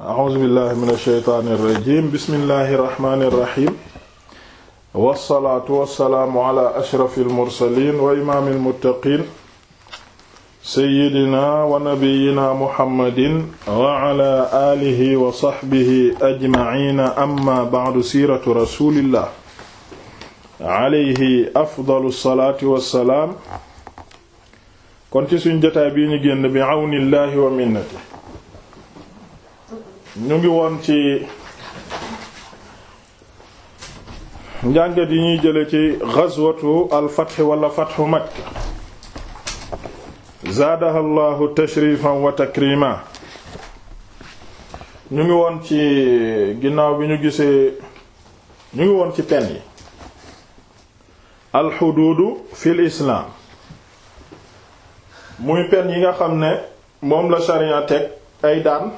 a'uuzu billahi min ashaytaani irrajim bismillahi irrahmani irrahim wassalaatu wassalaamu ala ashrafi almursalin wa imaami almuttaqin seyyidina wa nabiyina muhammadin wa ala aalihi wa saxbihi ajmaciina amma bacdu siiratu rasulillah alayhi afdalu salaatu wassalaam kon ci suñ jotaay bii ñu génn bi awnillahi wa minnati ñu ngi woon ci njàngat yi ñuy jële ci ghazwatu al fath wala fathu makka zaadaha llahu wa takrima ñu ngi woon ci ginnaaw bi ñu gisee ñu ngi woon ci pen yi al xuduudu fil islaam muy pen yi nga xam ne moom la sharia teg ay daan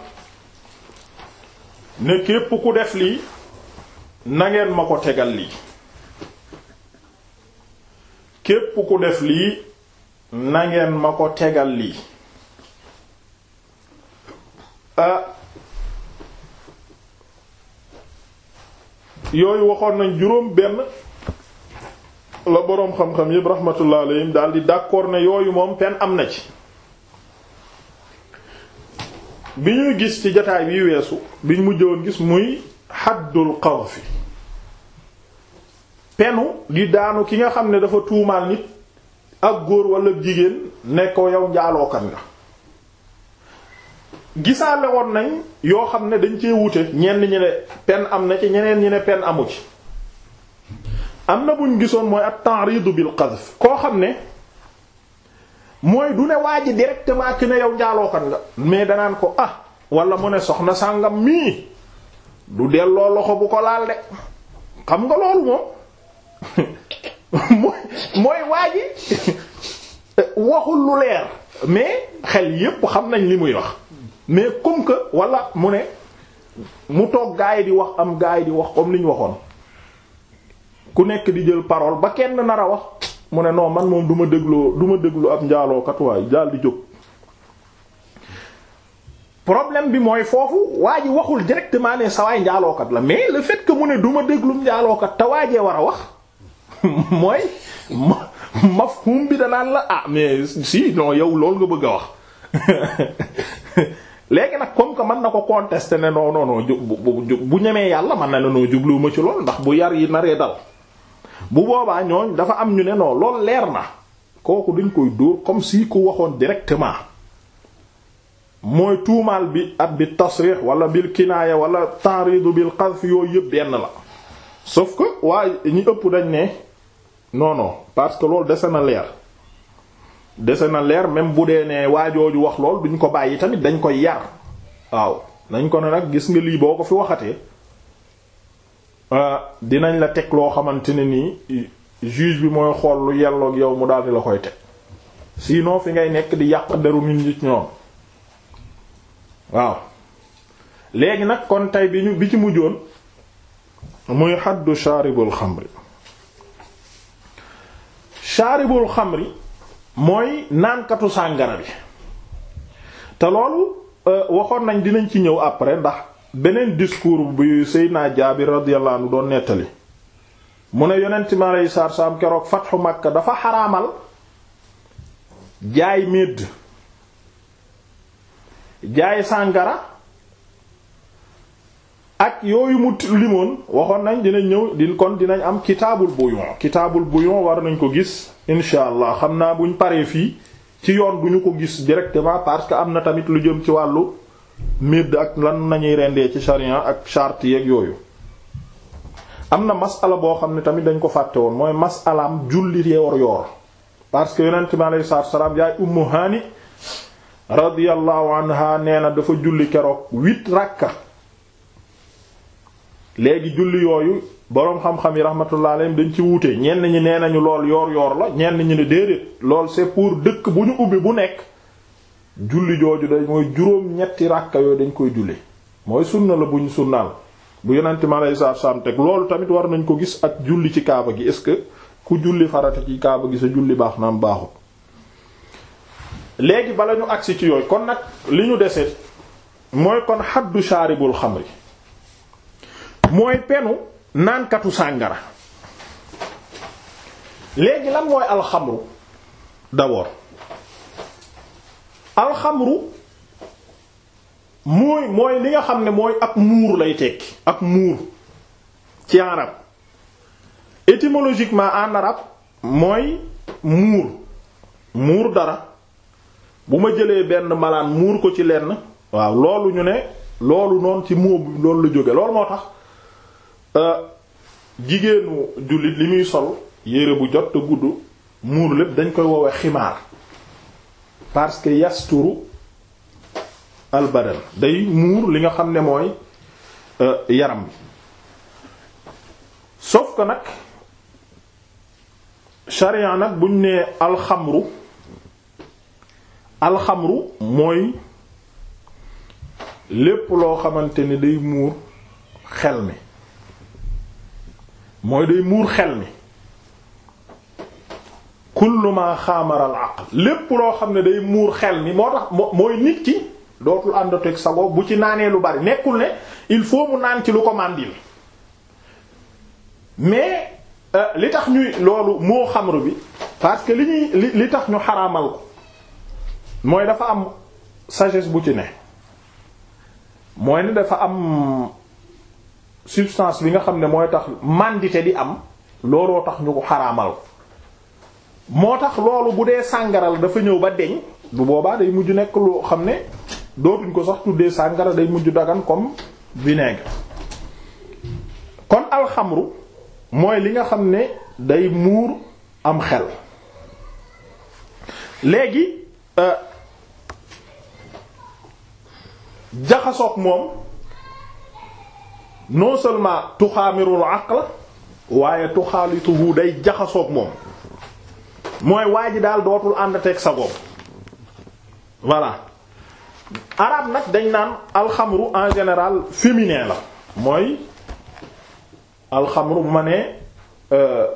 ne képp ku def lii nangeen ma ko tegal lii képp ku def lii nangeen ma ko tegal lii a ah, yooyu waxoon nañ juróom benn la boroom xam-xam yépp rahmatullah alayhim daal di d'accord ne yooyu moom pen am na ci bi ñuy gis ci jotaay bi weesu bi ñu mujjoon gis muy xaddul qadfi penu di daanu ki nga xam ne dafa tuumaal nit ak góor walla jigéen ne ko yow njaalookat nga gisaale woon nañ yoo xam ne dañ cee wute ñenn ñi ne pen am na ci ñeneen ñi ne pen amu ci am na buñ gisoon mooy at ta'ridu bil qadf koo xam ne mooy du ne waa ji directement ki ne yow njaalookat nga mais danaan ko ah walla mu ne soxna sàngam mii du delloo loxo bu ko laal de xam nga loolu moom mooy waa ji waxul lu leer mais xel yépp xam nañ li muy wax mais comme que wala mu ne mu toog gaa yi di wax am gaa yi di wax comme li ñu waxoon ku nekk di jël parole ba kenn nar a wax mu ne noo man moom duma ma dégloo du ma déglu ab njaalookat waaye daal jóg problème bi mooy foofu waa ji waxul directement ne sawaay njaalookat la mais le fait mu ne duma ma déglu njaalookat te waajee war a wax mooy mafhum bi danaan la ah mais si non yow loolu nga bëgg a wax léegi nag comme que mën na ko contester ne non non non bu bu ñemee yàlla mën na la noo jubluwuma ci lool ndax bu yar yi naree dal. bu boobaa ñooñ dafa am ñu ne non loolu leer na kooku duñ koy dóor comme si ku waxoon directement mooy tuumaal bi at bi tasrix wala bil kinaaya wala taaridu bill qadf yooyu yëpp benn la sauf ko waaye ñi ëpp dañ ne non non parce que loolu dese na leer dese na leer même bu dee ne waajooju wax lool duñ ko bàyyi tamit dañ koy yar waaw nañ ko ne nag gis nga lii boo ko fi waxatee Euh, dinañ la teg loo xamante ne nii juge bi mooy xool lu yelloog yow mu daldi la koy teg sinon fi ngay nekk di yàq deru nit ñi ñoom waaw léegi nag kon tey bi ñu bi ci mujjoon muy xaddu shaaribul xamri shaaribul xamri mooy naankatu sàngara bi te loolu euh, waxoon nañ dinañ ci ñëw après ndax beneen discours bu Seydina Jaabir radiyallahu anhu doon nettali mu ne yonent mi aleyhi salaatu salaam keroog fatxu Makka dafa xaraamal jaay médd jaay sàngara ak yooyu mu limoon waxoon nañ dinañ ñëw di kon dinañ am kitaabul buyon kitaabul buyon war nañ ko gis incha allah xam naa buñ paree fii ci yoon bu ñu ko gis directement parce que am na tamit lu jëm ci wàllu midd ak lan nañuy rendee ci sharia ak charte yeeg yooyu am na masala boo xam ne tamit dañ ko fàtte woon mooy masalaam jullit yoor yoor parce que yonent bi alayhi salaatu salaam yaay ummu haani radiyallahu anha nee na dafa julli keroog huit rakka léegi julli yooyu boroom xam-xam yi rahmatullah alayhim dañ ci wuute ñenn ñi nee nañu lool yoor yoor la ñenn ñi ne déedéet lool c'est pour dëkk bu ñu ubbi bu nekk julli jooju day mooy juróom ñetti ràkka yooyu dañ koy julli mooy sunna la buñ sunnaal bu yonente mi aleyi salaatu salaam teg loolu tamit war nañ ko gis ak julli ci kaaba gi est-ce que ku julli farata ci kaaba gi sa julli baax na am baaxut léegi bala ñu agsi ci yooyu kon nag li ñu desee mooy kon xaddu shaaribul xamri mooy penu naankatu sàngara léegi lan mooy alxamru d'abord alxamru mooy mooy li nga xam ne mooy ak muur lay tekki ak muur ci arab étymologiquement en arabe mooy muur muur dara bu ma jëlee benn malaan muur ko ci lenn waaw loolu ñu ne loolu noonu ci moobu loolu la jóge loolu moo tax euh, jigéenu jullit li muy sol yére bu jot gudd muur lépp dañ koy woowe ximaar parce que yasturu al day muur li nga xam ne mooy euh, yaram bi sauf que nag sharia nag buñ nee alxamru alxamru mooy lépp loo xamante ni day muur xel mi mooy day muur xel mi kullu ma xaamara al lépp loo xam ne day muur xel ni moo tax mooy nit ki dootul àndateg sago bu ci naanee lu bari nekkul ne il faut mu naan ci lu ko màndil mais euh, li tax ñuy loolu moo xamru bi parce que li ñuy li tax ñu xaraamal ko mooy dafa am sagesse bu ci ne mooy ne dafa am substance bi nga xam ne mooy tax màndite di am looloo tax ñu ko xaraamal moo tax loolu bu dee sàngara la dafa ñëw ba deñ bu boobaa day mujj nekk loo xam ne dootuñ ko sax tuddee sàngara day mujj dagan comme vinaigre kon alxamru mooy li nga xam ne day muur am xel léegi euh, jaxasoog moom non seulement tuxaamirul aql waaye tuxaalituhu day jaxasoog moom mooy waa ji daal dootul ànd teg sa bopp voilà arabe nag dañ naan alxamru en général féminin la mooy alxamru bu ma nee euh,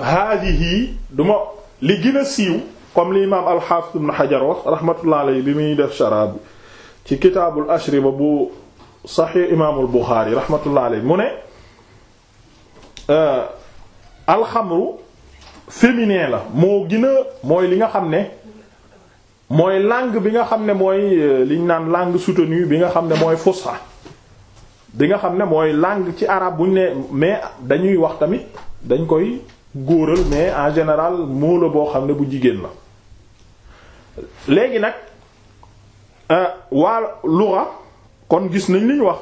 haadihi du ma li gën a siiw comme li imaam alxaafis ibn xajar wax rahmatullah alayhi bi muy def sharaab bi ci kitaabul ashriba bu saxiix imaamul buxaari rahmatullah alayhi mu ne euh, alxamru féminin la moo gina mooy li nga xam ne mooy langue bi nga xam ne mooy euh, liñ naan langue soutenue bi nga xam ne mooy fusha bi nga xam ne mooy langue ci arabe buñ ne mais dañuy wax tamit dañ koy góoral mais en général moo la boo xam ne bu jigéen la léegi nag euh, waa lugha kon gis nañ liñ wax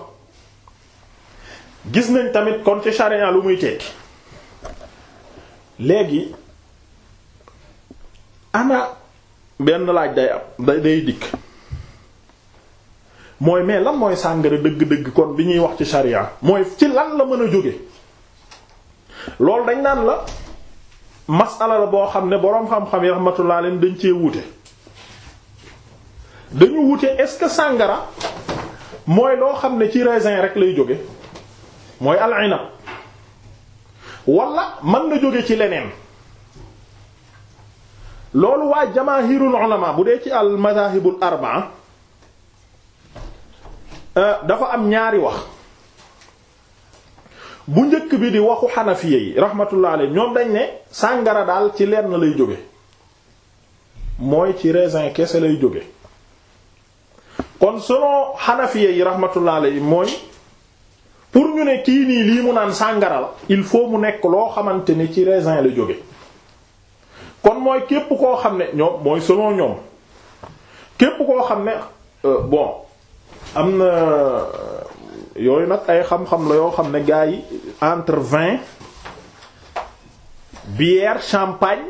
gis nañ tamit kon ci charia lu muy tekki léegi ana benn laaj day am day dikk mooy mais lan mooy sàngara dëgg-dëgg kon bi ñuy wax ci sharia mooy ci lan la mën a jóge loolu dañ naan la masala la boo xam ne boroom xam-xam yi rahmatullah leen dañ cee wuute dañu wuute est-ce que sàngara mooy loo xam ne ci raisin rek lay jóge mooy al wala mën na jóge ci leneen loolu waa jamaahirul ulama bu dee ci al madahibul arbaa euh, dafa am ñaari wax bu njëkk bi di waxu xanafiya yi rahmatullah alayhi ñoom dañ ne sàngara daal ci lenn lay jóge mooy ci raisin kese lay jóge kon selon xanafiya yi rahmatullah alayhi mooy pour ñu ne kii nii lii mu naan sàngara la il faut mu nekk loo xamante ni ci raisin la jóge kon mooy képp koo xam ne ñoom mooy selon ñoom képp koo xam ne euh, bon am na yooyu nag ay xam-xam la yoo xam ne gars yi entre vin bière champagne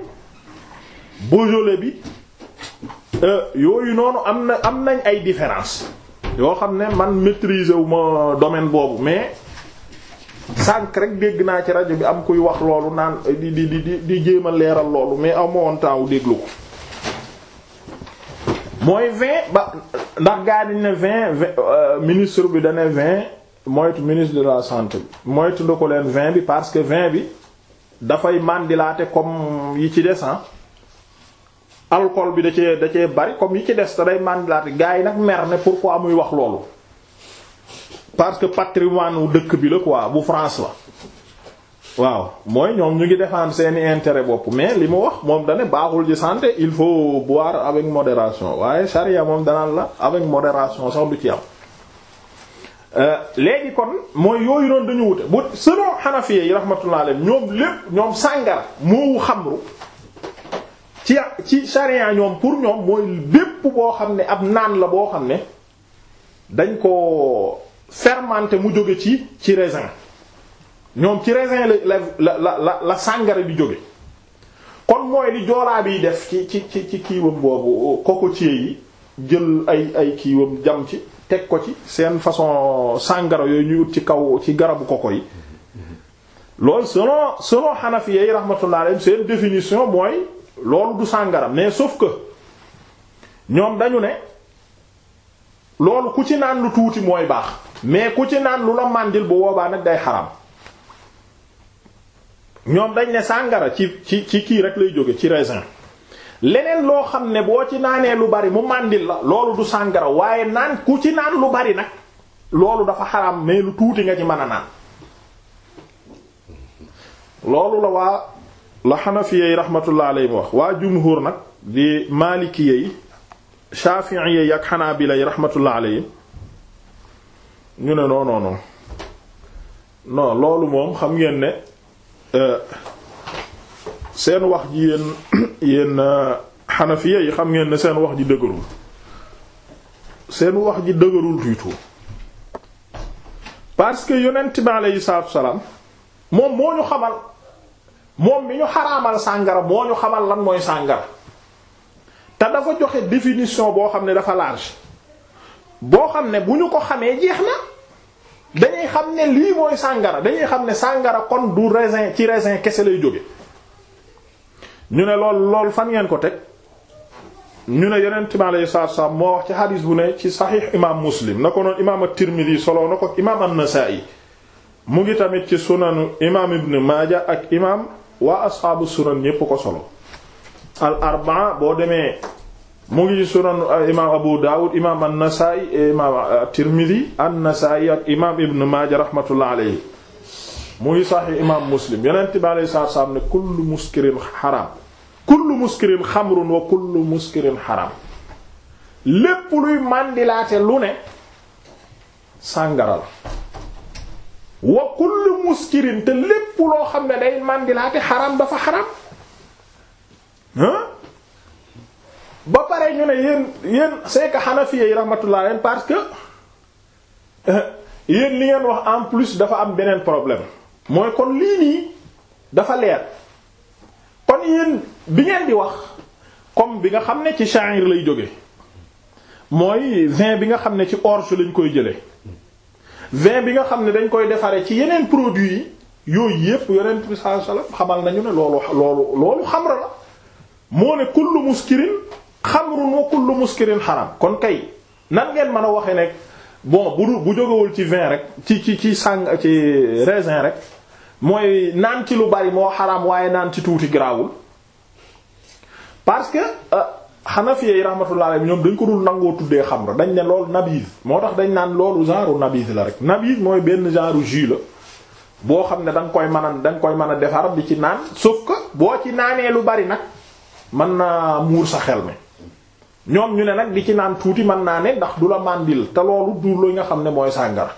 beaujolais bi euh, yooyu noonu am na am nañ ay différence yoo xam ne man maîtriser wu ma domaine boobu mais sànq rek dégg naa ci rajo bi am kuy wax loolu naan di di di di jéem a leeral loolu mais aw ma woon temps wu déglu ko mooy vingt ba ndax gaa dañ ne vingt euh, ministre bi dane vingt moytu ministre de la santé bi moytu nda ko leen vingt bi parce que vingt bi dafay mandilaate comme yi ci des alcool bi da cee da cee bari comme yi ci des te day mandilaate gars yi nag mer ne pourquoi muy wax loolu parce que patrimoine wu dëkk bi la quoi bu France la waaw mooy ñoom ñu ngi défendre seeni intérêt bopp mais li mu wax moom dane baaxul ci santé il faut boire avec modération waaye charia moom danaan la avec modération sax du ci am euh, léegi kon mooy yooyu noonu dañu wute bu selon Hanafi yi rahmatullah alayhim ñoom lépp ñoom sàngara moowu xamru ci ci charia ñoom pour ñoom mooy bépp boo xam ne ab naan la boo xam ne dañ ko fermenté mu jóge ci ci raisin ñoom ci raisin la la la la la sàngara bi jóge kon mooy li joolaa biy def ci ci ci ci kiiwam boobu cocotier yi jël ay ay kiiwam jam ci teg ko ci seen façon sàngara yooyu ñuy ut ci kaw ci garabu koko yi loolu selon selon Hanafi yi rahmatullah alayhim seen définition mooy loolu du sàngara mais sauf que ñoom dañu ne loolu ku ci naan lu tuuti mooy baax mais ku ci naan lu la màndil bu boobaa nag day xaram ñoom dañ ne sàngara ci ci ci kii rek lay jóge ci raisin leneen loo xam ne boo ci naanee lu bari mu màndil la loolu du sàngara waaye naan ku ci naan lu bari nag loolu dafa xaraam mais lu tuuti nga ci mën a naan loolu la waa la xanafiya yi rahmatullah alayhi wax waa jumhur nag di maalikiya yi shafi'iyya yi ak xanaabila yi rahmatullah alayhi ñu ne non non loolu moom xam ngeen ne euh, seen wax ji yéen yéen euh, yi xam ngeen ne seen wax ji dëgërul seen wax ji dëgërul tuuti parce que yonent bi alayhi salaatu salaam moom moo ñu xamal. moom bi ñu xaraamal sàngara moo ñu xamal lan mooy sàngara te dafa joxe définition boo xam ne dafa large boo xam ne bu ñu ko xamee jeex na dañuy xam ne lii mooy sàngara dañuy xam ne sàngara kon du raisin ci raisin kese lay jóge ñu ne lool lool fan ngeen ko teg ñu ne yeneen time alay saab saab moo wax ci xadiis bu ne ci saxiix imaam muslim na ko noonu imaam at-Tirmidhi solo na ko imaam an-Nasa'i mu ngi tamit ci sunanu imaam ibn Maaja ak imaam waa asxaabu sunan ñépp ko solo al arbaa boo demee mu ngi sunan uh, imaam abu daawud imaam an imaam uh, at-tirmidhi an alayhi mu ngi saxi imaam muslim yonent bi alayhi salaatu salaam ne kullu muskirin xaraam kullu muskirin xamrun lépp luy màndilaate lu ne sàngara wa kullu muskirin te lépp loo xam ne day màndilaate xaram dafa xaram ba pare ñu ne yéen yéen c'est que Hanafi yi rahmatullah parce que euh, yéen li ngeen wax en plus dafa am beneen problème mooy kon lii nii dafa leer kon yéen bi ngeen di wax comme bi nga xam ne ci sha'ir lay jóge mooy vin bi nga xam ne ci orge lañ koy jële vin bi nga xam ne dañ koy defaree ci yeneen produit yi yooyu yëpp yeneen saa la xamal nañu ne loolu loolu loolu xamra la moo ne kullu muskirin xamrun wa kullu muskirin xaram kon kay nan ngeen mën a waxee nekk bon bu bu jógewul ci vin rek ci ci ci sang ci raisin rek mooy naan ci lu bari moo xaraam waaye naan ci tuuti garaawul parce que euh, Hanafi yi rahmatullah alayhi ñoom dañ ko dul nangoo tuddee xamra dañ ne loolu nabiz moo tax dañ naan loolu genre nabiz la rek nabiz mooy benn genre jus la boo xam ne da koy mën a da mën a defar bi ci naan sauf que boo ci naanee lu bari nag man naa muur sa xel mi ñoom ñu ne nag di ci naan tuuti mën naa ne ndax du la màndil te loolu du lu nga xam ne mooy sàngara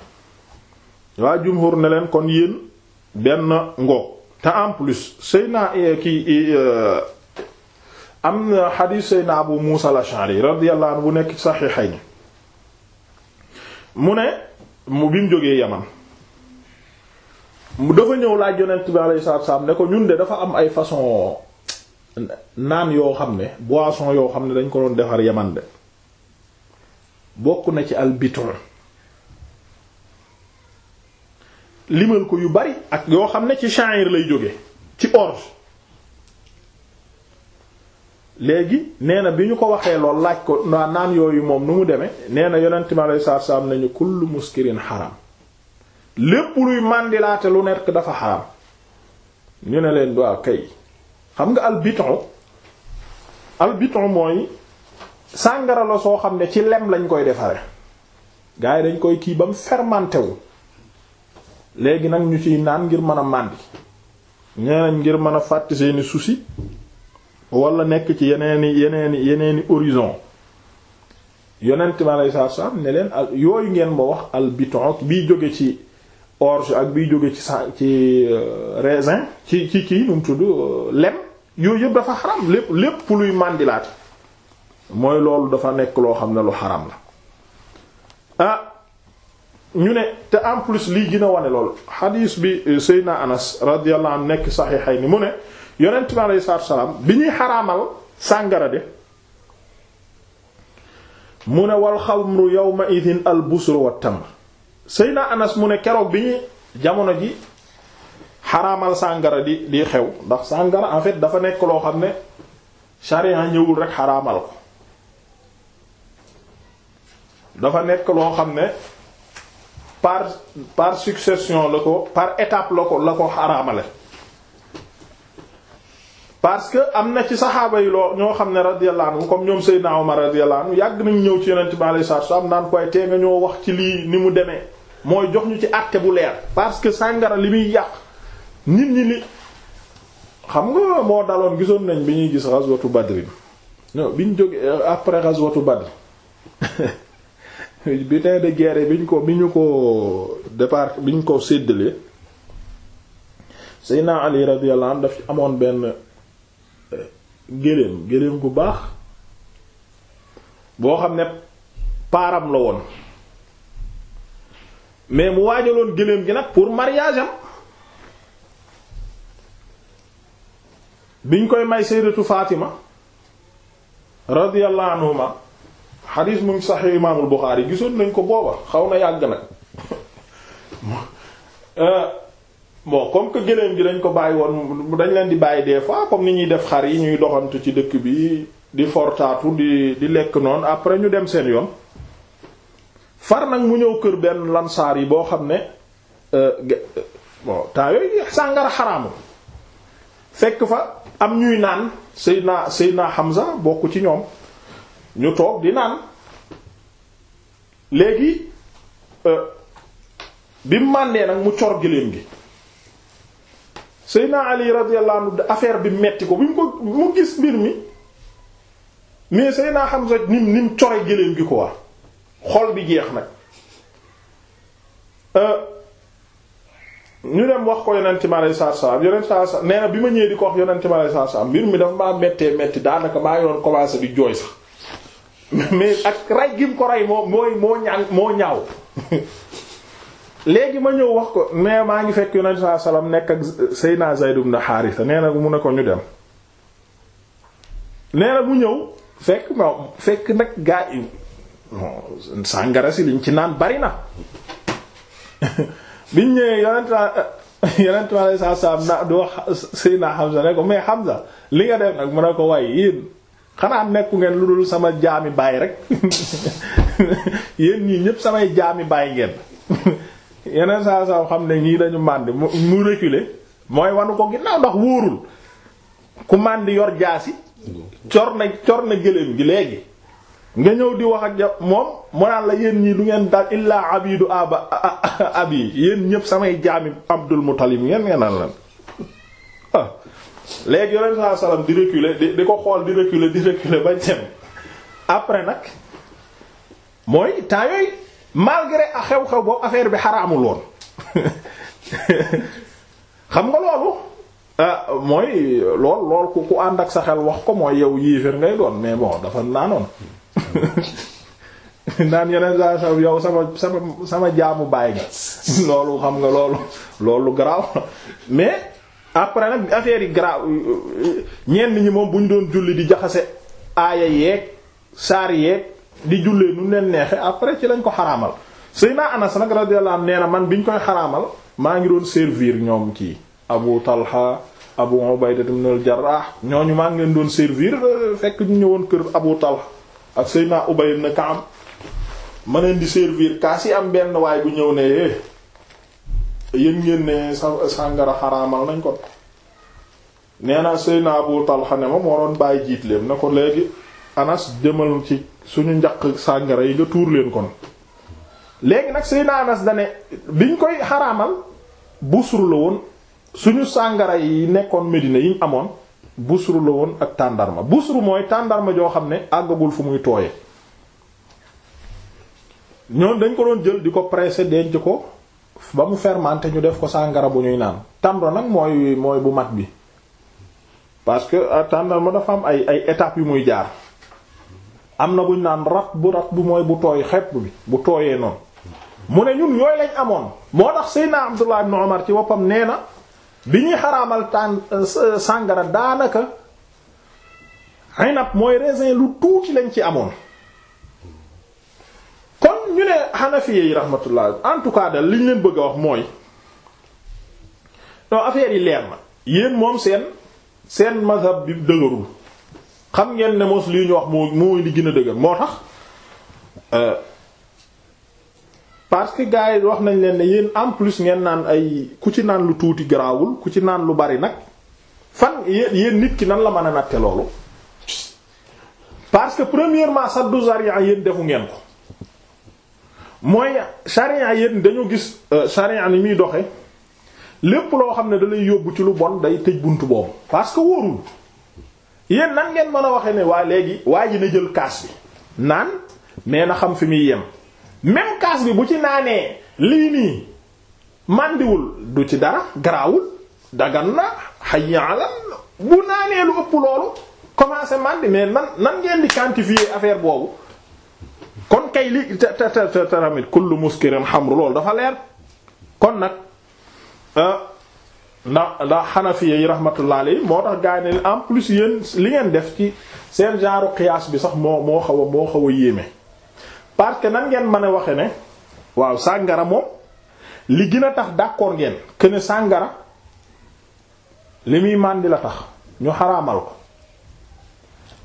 waa jumhur ne leen kon yéen benn ngoog te en plus sëy naa eh, kii eh, euh, am na xadiis sayna abu muusa al-ash'ari radiyallahu anhu bu nekk ci saxiixayni mu ne mu bi mu jógee yaman mu dafa ñëw laa yonent bi alayhi salaatu salaam ne ko ñun de dafa am ay façon naan yoo xam ne boisson yoo xam ne dañ ko doon defar yaman de bokk na ci albiton limal ko yu bari ak yoo xam ne ci sha'ir lay jóge ci orge léegi nee na bi ñu ko waxee lool laaj ko naa naan yooyu moom nu mu demee nee na yonent mi alayhi salaatu salaam nañu kullu muskirin xaram lépp luy màndilaate lu nekk dafa xaram ñu ne leen waaw kay xam nga albiton albiton mooy sàngara la soo xam ne ci lem lañ koy defare gars dañ koy kii ba mu fermenté wu léegi nag ñu ciy naan ngir mën a màndi ñeneen ngir mën a fàtte seeni soucis wala nekk ci yeneeni yeneeni yeneeni horizon yonent mi aleyhi salaatu salaam ne leen yooyu ngeen ma wax al biton biy jóge ci orge ak biy jóge ci sa ci euh, raisin ci ci ci nu mu tudd euh, lem yooyu yëpp dafa xaram lépp lépp luy màndilaate mooy loolu dafa nekk loo xam ne lu xaram la ah ñu ne te en plus lii gën a wane loolu xadiis bi euh, Seydina Anas radiyallahu anhu nekk saxiixay ni mu ne yonent bi aleyhi salaatu bi ñuy xaraamal sàngara de mu ne wal xamru yawma idhin al busru wat tamr Seyna Anas mu ne keroog bi ñuy jamono ji xaraamal sàngara di di xew ndax sàngara en fait dafa nekk loo xam ne sharia ñëwul rek xaraamal ko dafa nekk loo xam ne par par succession la ko par étape la ko la ko xaraamale parce que am na ci saxaaba yi loo ñoo xam ne radiyallahu anhu comme ñoom Seydina ma radiyallahu anhu yàgg nañ ñëw ci yonent bi alayhi salaatu wasallam naan koy tee nga ñoo wax ci lii ni mu demee mooy jox ñu ci àtte bu leer parce que sàngara li muy yàq nit ñi ni xam nga moo daloon gisoon nañ bi ñuy gis ghazwatu Badr non bi ñu jógee euh, après ghazwatu Badr butin de guerre bi ñu ko bi ñu ko départ bi ñu ko séddale Seydina Ali radiyallahu anhu daf amoon benn géléem géléem gu baax boo xam ne paaram la woon mais mu waajaloon géléem gi nag pour mariage am biñ koy may sayyidatu Fatima radiyallahu anhuma xadiis mu ngi saxi imaamul Buxaari gisoon nañ ko booba xaw na yàgg nag euh, bon comme que gëléem gi dañ ko bàyyi woon mu dañ leen di bàyyi des fois comme ni ñuy def xar yi ñuy doxantu ci dëkk bi di fortaatu di di lekk noonu après ñu dem seen yoon far nag mu ñëw kër benn lansaar yi boo xam ne euh, euh, bon temps yooyu sàngara xaraamu fekk fa am ñuy naan naa Seydina Seydina Hamza bokk ci ñoom ñu toog di naan léegi euh, bi mu màndee nag mu cor gëléem gi Seydina Ali radiyallahu anhu bi metti ko bu mu ko mu gis mbir mi mais Seydina Hamza nim nim core gëléem gi ko war xol bi jeex nag euh, ñu dem wax ko yonent mi alayhi salaatu salaam bi ma ñëwee di ko wax yonent mi mbir mi dafa maa mettee metti daanaka maa yoon commencé di jooy sax mais ak rey gi mu ko rey moo mooy moo ñaaw léegi ma ñëw wax ko mais maa ngi fekk yonent saa salaam nekk ak Seyna Zayd ibn Haarisa nee na mu ne ko dem nee na mu ñëw fekk ma fekk nag gaa yi sàngara si liñ ci naan bari na biñ ñëwee yonent yonent ma saa salaam na du wax Seyna Hamza ne ko mais Hamza li nga def nag mu ne ko waaye yéen xanaa nekku ngeen lu dul sama jaami baay rek yéen ñii ñépp samay jaami baay ngeen yeneen saa saa xam ne ñii dañu màndi mu reculer mooy wanu ko ginnaaw ndax wóorul ku màndi yor jaasi cor na cor na gëléem gi léegi nga ñëw di wax ak ja moom mu naan la yéen ñii du ngeen daal illaa abidu aba abi yéen ñëpp samay jaami Abdul Muttalib ngeen ngeen naan lan ah léegi yonent saa salaam di reculer di di ko xool di reculer di reculer ba dem après nag mooy temps malgré xew-xew boobu affaire bi xaraamul woon xam nga loolu ah, mooy lool lool ku ànd ak sa xel wax ko mooy yow yéeféer ngay doon mais bon dafa naanoon naan yeneen saa sa yow sama sama jaamu bàyyi nga loolu xam nga loolu loolu garaaw mais après nag affaire yi garaaw ñenn ñi moom bu ñu doon julli di jaxase aaya yeeg saar yeeg di jullee nu leen neexe après ci lañ ko xaraamal Seydina Anas nag radiyallahu anhu nee na man ñu koy xaraamal maa ngi doon servir ñoom ci Abu Talha Abu Ubayda ibn al-Jarrah ñooñu maa ngi leen doon servir euh, fekk ñu ñëwoon kër Abu Talha ak Seydina Ubay ibn Ka'b ma leen di servir kaas yi am benn waay bu ñëw ne eh, yéen ngeen ne sàngara xaraamal nañ ko nee na Seydina Abu Talha ne ma moo doon bàyyi jiitleem na ko léegi anas jëmal ci suñu njaq sàngara yi nga tuur leen kon léegi nag seyna anas dane biñ koy xaraamal busru la woon suñu sàngara yi nekkoon Medina yiñ amoon busru la woon ak tàndarma busru mooy tàndarma joo xam ne àggagul fu muy tooye ñoom dañ ko doon jël di ko pressé denc ko ba mu fermenté ñu def ko sàngara bu ñuy naan tamro nag mooy mooy bu mat bi parce que ah, tàndarma dafa am ay ay étapes yu muy jaar am na buñ naan rat bu rat bu mooy bu tooy xepp bi bu tooyee noonu mu ne ñun yooyu lañ amoon moo tax Seydina Abdullah ibn Umar ci woppam nee na bi ñuy xaraamal tàn euh, euh, sàngara daanaka inab mooy raisin lu tuuti lañ ci amoon kon ñu ne Hanafi yi rahmatullah en tout cas li ñu leen bëgg a wax mooy non affaire yi leer na yéen moom seen seen mazhab bi dëgërul xam ngeen ne mos lii ñu wax moo mooy li gina a dëgër moo tax euh, parce que gars yi wax nañ leen ne yéen en plus ngeen naan ay ku ci naan lu tuuti garaawul ku ci naan lu bari nag fan yéen yéen nit ki nan la mën a natte loolu parce que premièrement saddu sharia yéen defu ngeen ko mooy sharia yéen dañu gis euh, sharia ni muy doxe lépp loo xam ne dalay yóbbu ci lu bon day tëj bunt boobu parce que wóorul yéen nan ngeen mën a waxee ne waa léegi waa ji na jël kaas bi naan mais na xam fi muy yem même kaas bi bu ci naanee lii nii màndiwul du ci dara garaawul dagan na hayya ala bu naanee lu ëpp loolu commencé màndi mais nan nan ngeen di quantifier affaire boobu kon kay li te te te tamit kullu muskirin xamru loolu dafa leer kon nag euh, ndax ndax xanafiya yi rahmatullah alayhi moo tax gaa yi ne en plus yéen li ngeen def ci seen genre qiyaas bi sax moo moo xaw moo xaw a yéeme parce que nan ngeen mën a waxe ne waaw sàngara moom li gën a tax d'accord ngeen que sàngara li muy màndi la tax ñu xaraamal ko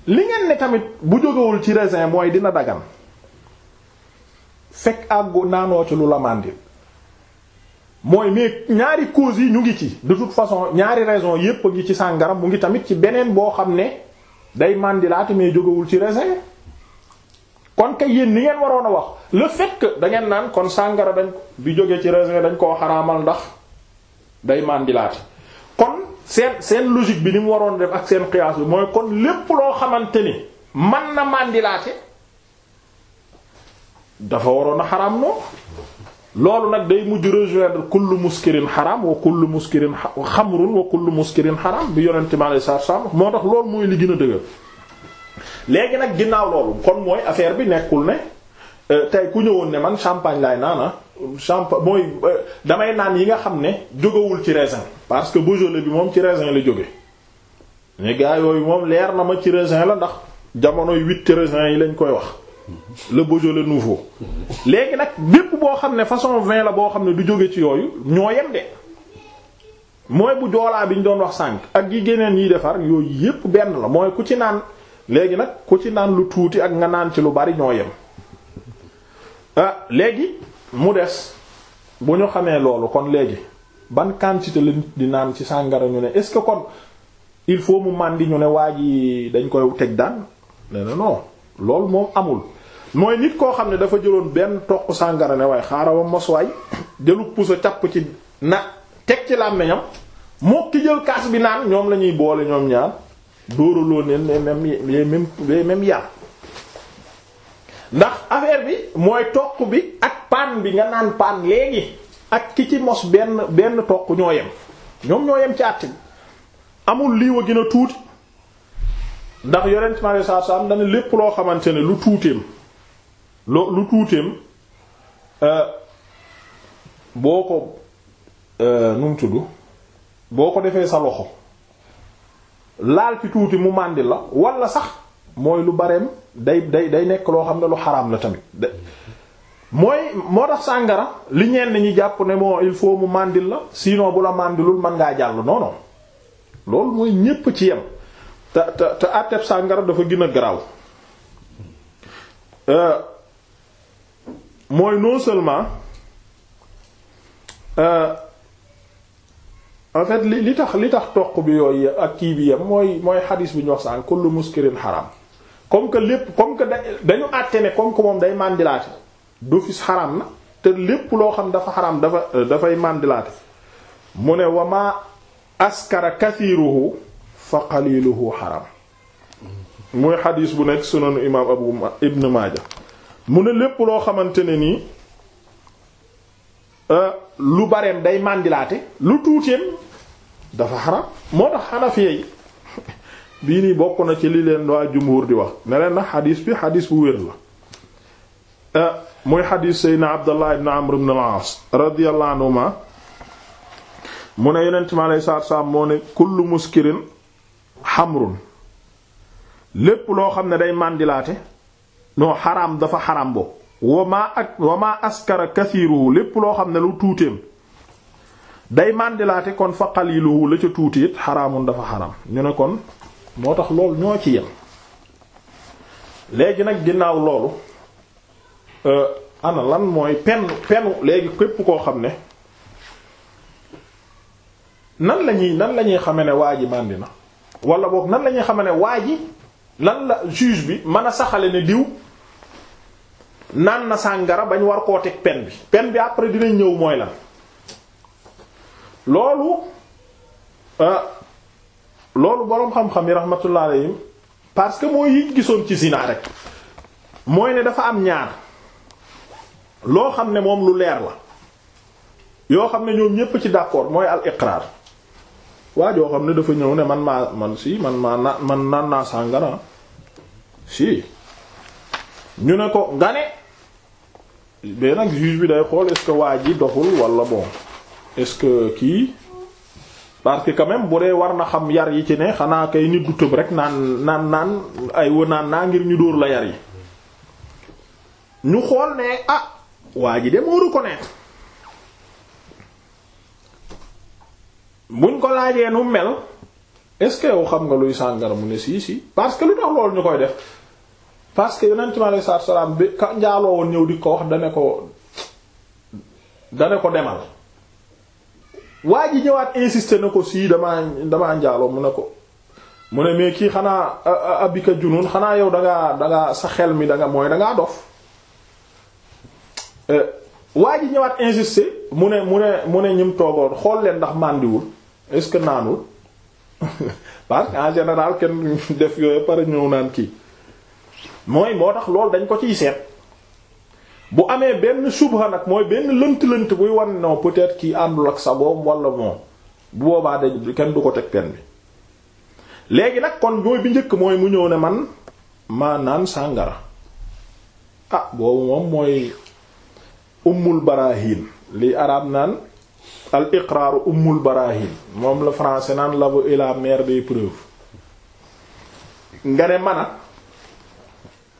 li ngeen ne tamit bu jógewul ci raisin mooy dina dagan fekk àggu naanoo ci lu la màndi mooy mais ñaari causes yi ñu ngi ci de toute façon ñaari raison yépp a ngi ci sàngara mu ngi tamit ci beneen boo xam ne day màndilaate mais jógewul ci raisin kon kay yéen ni ngeen waroon a wax le fekk que da ngeen naan kon sàngara dañ bi jóge ci raisin dañ koo xaraamal ndax day màndilaate kon seen seen logique bi ni mu waroon def ak seen qiyaas bi mooy kon lépp loo xamante ni man na màndilaate dafa waroon a xaraam noonu loolu nag day mujj rejoindre kullu muskirin xaram wa kullu muskirin xamrun wa kullu muskirin xaram bi yonente mi alei satu salaam moo tax lool mooy li gën a dëgër léegi nag ginnaaw loolu kon mooy affaire bi nekkul ne euh, tey ku ñëwoon ne man champagne laay naana ah, champagne mooy euh, damay naan yi nga xam ne jógewul ci raisin parce que bu jole bi moom ci raisin la jóge mais gaa yooyu moom leer na ma ci raisin la ndax jamonoy huit raisins yi lañ koy wax le Beaujolais nouveau léegi nag bépp boo xam ne façon vin la boo xam ne du jóge ci yooyu ñoo yem de mooy bu joolaa bi ñu doon wax sànq ak yi génneen yiy defar yooyu yépp benn la mooy ku ci naan léegi nag ku ci naan lu tuuti ak nga naan ci lu bari ñoo yem ah léegi mu des bu ñu xamee loolu kon léegi ban quantité la di naan ci sàngara ñu ne est kon il faut mu màndi ñu ne waa yi dañ koy teg daan nee na non loolu moom amul mooy nit koo xam ne dafa jëloon benn toq sàngara ne waaye xaaral ma mos waay jëlu puso càpp ci na teg ci làmmiñam moo ki jël kaas bi naan ñoom la ñuy boole ñoom ñaar dóoraloo neen les mêmes les mêmes les mêmes ndax affaire bi mooy toq bi ak paan bi nga naan paan léegi ak ki ci mos benn benn toq ñoo yem ñoom ñoo yem ci àtt amul lii wa gën a tuuti ndax yonent mi aleyhi salaatu salaam dana lépp loo xamante ne lu tuuteem loo lu tuuteem euh, boo ko euh, nu mu tudd boo ko defee sa loxo laal ci tuuti mu màndi la walla sax mooy lu bareem day day day nekk loo xam ne lu xaraam la tamit mooy moo tax sàngara li ñenn ñi jàpp ne moo il faut mu màndil la sinon bu la màndilul mën ngaa jàll non loolu mooy ñépp ci yem te te te àtteb sàngara dafa gën a garaaw euh, mooy non seulement euh, en fait li li tax li tax toq bi yooyu ak kii bi yam mooy mooy xadis bi ñu wax sànq kullu muskirin xaram comme que lépp comme que dañu àtte ne comme que moom day màndilaate d'office xaram na te lépp loo xam dafa xaram dafa dafay màndilaate mu ne wa ma askara kathiruhu fa qaliluhu xaram muy xadiis bu nekk sunanu imaam abu ibn maaja mu ne lépp loo xamante ne nii euh, lu bareem day màndilaate lu tuuteem dafa xaram moo tax xanafiya yi bii nii bokk na ci li leen waa jumhur di wax ne leen na xadiis bi xadiis bu wér la euh, muy xadiis seydna abdullah ibn amr ibn al-aas radiyallahu anhuma mu ne yonent mi alayhi moo ne kullu muskirin xamrun lépp loo xam ne day màndilaate noo xaraam dafa xaraam bo wamaa ak wamaa askara kasiiruhu lépp loo xam ne lu tuuteem day màndilaate kon fa qaliluhu la ca tuuti it xaraamun dafa xaraam ñu ne kon moo tax loolu ñoo ci yem léegi nag ginnaaw loolu euh, ana lan mooy pen penu léegi képp koo xam ne nan lañuy nan lañuy xame ne waa ji màndi na wala boog nan la ñuy xam ne waa ji lan la juge bi man a saxale ne diw naan na sàngara bañ war koo teg pen bi peine bi après dinañ ñëw mooy lan loolu euh, loolu boroom xam-xam yi rahmatullah alayhim parce que mooy yiñ gisoon ci zina rek mooy ne dafa am ñaar loo xam ne moom lu leer la yoo xam ne ñoom ñépp ci d'accord mooy al iqrar waa joo xam ne dafa ñëw ne man maa man si man maa na man naan naa sàngara si ñu ne ko nga ne mais nag juge bi day xool est waa ji doxul walla bon est-ce que kii parce que quand même bu dee war na xam yar yi ci ne xanaa kay nit du tëb rek naan naan naan ay wa naan naa ngir ñu dóor la yar yi ñu xool ne ah waa ji de ko reconnaître buñ ko laajee nu mel est-ce que yow xam nga luy sàngara mu ne sii sii parce que lu tax loolu ñu koy def parce que yonent mi alayhi salaatu salaam bi ka njaaloo woon ñëw di ko wax dane ko dana ko demal waa ji ñëwaat insister na ko sii damaa damaa njaaloo mu ne ko mu ne mais kii xanaa abika junun xanaa yow dangaa dangaa sa xel mi danga mooy dangaa dof euh, waa ji ñëwaat insister mu ne mu ne mu ne ñim toogoon xool leen ndax màndiwul est-ce que naanul parce que en général kenn def yooyu pare ñëw naan kii mooy moo tax loolu dañ ko ciy seet bu amee benn subha nag mooy benn lënt-lënt buy wan non ki être kii àndul ak sagoom wala moom bu boobaa dañ kenn du ko teg pen bi léegi nag kon mooy bi njëkk mooy mu ñëw ne man maa naan sàngara ah boobu moom mooy ummul barahin li arab naan al iqraaru ummul barahin moom la français naan l'aveu est la mère des preuves nga ne mana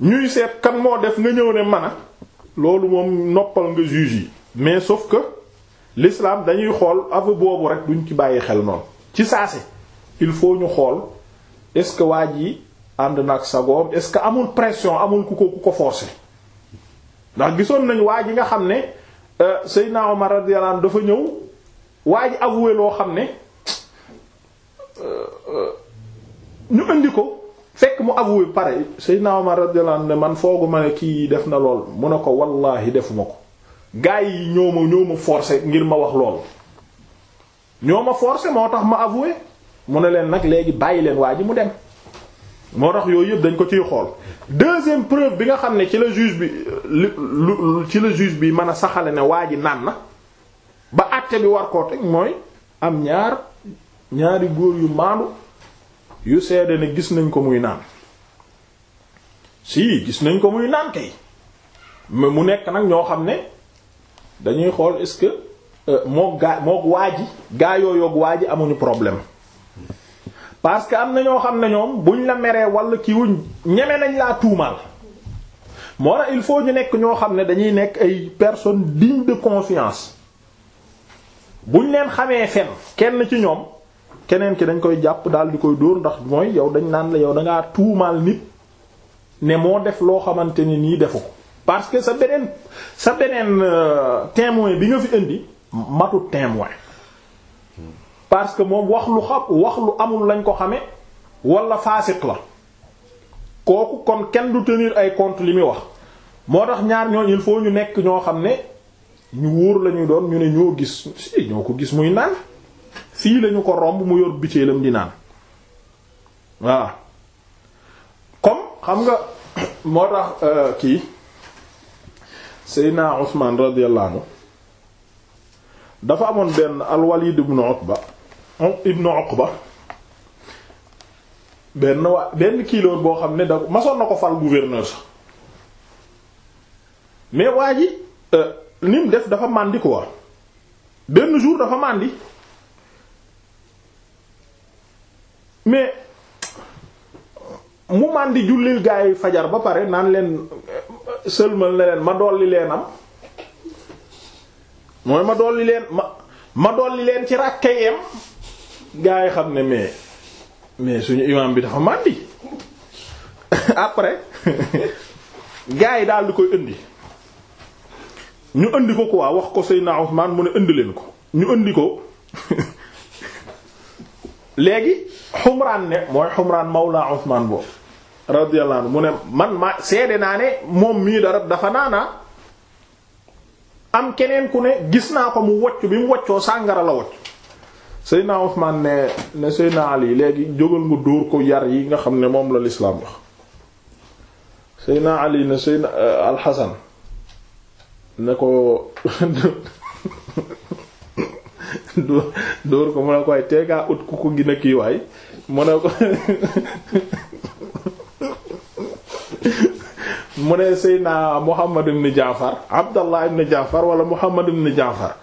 ñuy seet kan moo def nga ñëw ne mana loolu moom noppal nga juge yi mais sauf que l'islam dañuy xool aveu boobu rek duñ ci bàyyi xel noonu ci saase il faut ñu xool est-ce que waa ji ànd na ak sagoom est-ce que amul pression amul ku ko ku ko forcer ndax gisoon nañ waa ji nga xam ne Euh, Seydina Omar radiyallahu anhu dafa ñëw waa ji avoué loo xam ne euh, euh, ñu indi ko fekk mu avoué pare Seydina Omar radiyallahu anhu ne man foogu ne kii def na lool mu ne ko wallaahi defuma ko gaa yi ñoo ma ñoo ma forcé ngir ma wax lool ñooma ma forcé moo tax ma avoué mu ne leen nag léegi bàyyi leen waa ji mu dem. moo tax yooyu yëpp dañ ko ciy xool deuxième preuve bi nga xam ne ci la juge bi lu ci la juge bi mën a saxale ne waa ji naan na ba àtte bi war koo teg mooy am ñaar ñaari góor yu maandu yu seede ne gis nañ ko muy naan si gis nañ ko muy naan kay mais mu nekk nag ñoo xam ne dañuy xool est-ce que euh, moo gaa moo waa ji gaa yooyu waa ji amuñu problème parce que am na ñoo xam ne ñoom buñ la meree wala kii wuñ ñeme nañ laa tuumaal moo tax il faut ñu nekk ñoo xam ne dañuy nekk ay personnes dignes de confiance buñ leen xamee fen kenn ci ñoom keneen ki dañ koy jàpp daal di koy dóor ndax mooy yow dañ naan la yow da ngaa tuumaal nit ne moo def loo xamante ni nii defu parce que sa beneen sa beneen euh, témoin bi nga fi indi matu témoin parce que moom wax lu xam wax lu amul lañ ko xame walla faasiq la kooku kon kenn du tenir ay compte li muy wax moo tax ñaar ñoo il faut ñu nekk ñoo xam ne ñu wóor lañuy doon ñu ne ñoo gis si ñoo ko gis muy naan fii lañu ko romb mu yor bitéelam di naan waaw comme xam nga moo tax euh, kii Seydina Usmaan radiyallahu dafa amoon benn al Walid ibn Utba ibnu ba benn waa benn kiiloon boo xam ne da masoon na ko fal gouverneur sax mais waa ji euh, ni mu def dafa màndi ko war benn jour dafa màndi mais mu màndi jullil gaa yi fajar ba pare naan leen sëlmal na leen ma dolli leen am mooy ma dolli leen ma ma dolli leen ci ràkkeeyam gaa yi xam ne mais mais suñu imam bi dafa màndi après gaa yi daal di koy indi ñu indi ko quoi wax ko Seydina Ousmane mu ne indi leen ko ñu indi ko léegi Xumraan ne mooy Xumraan mawla Ousmane boobu radiyallahu mu ne man ma seede naa ne moom mii dara dafa naanaa am keneen ku ne gis naa ko mu wocc bi mu woccoo sàngara la wocc Seydina Ousmane ne ne Seydina Ali léegi jógal nga dóor ko yar yi nga xam ne moom la lislaam wax Seydina Ali ne Seydina euh, Alxasan ne ko dóor ko mu ne koy teegaa ut ku ko gina kii mu ne ko mu ne Seydina Muhammad ibn Jaafar Abdallah ibn Jaafar wala Muhammad ibn Jaafar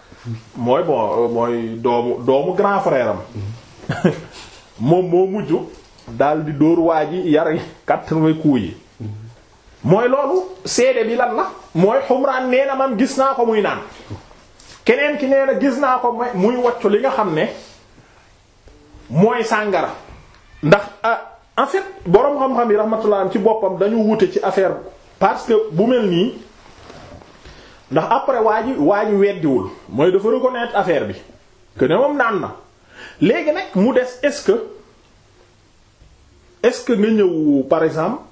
mooy bon mooy doomu doomu grand frère am moom moo mujj daal di dóor waa ji yar quatre-vingts coups yi mooy loolu seede bi lan la mooy xumraan nee man gis naa ko muy naan keneen ki nee gis naa ko muy waccu li nga xam ne mooy sàngara ndax a ah, fait boroom xam-xam yi rahmatullah ci boppam dañu wute ci affaire parce que bu mel nii ndax après waa ji waa ji weddiwul mooy dafa reconnaître affaire bi que moom naan na léegi nag mu des est-ce que est-ce que nga ñëw par exemple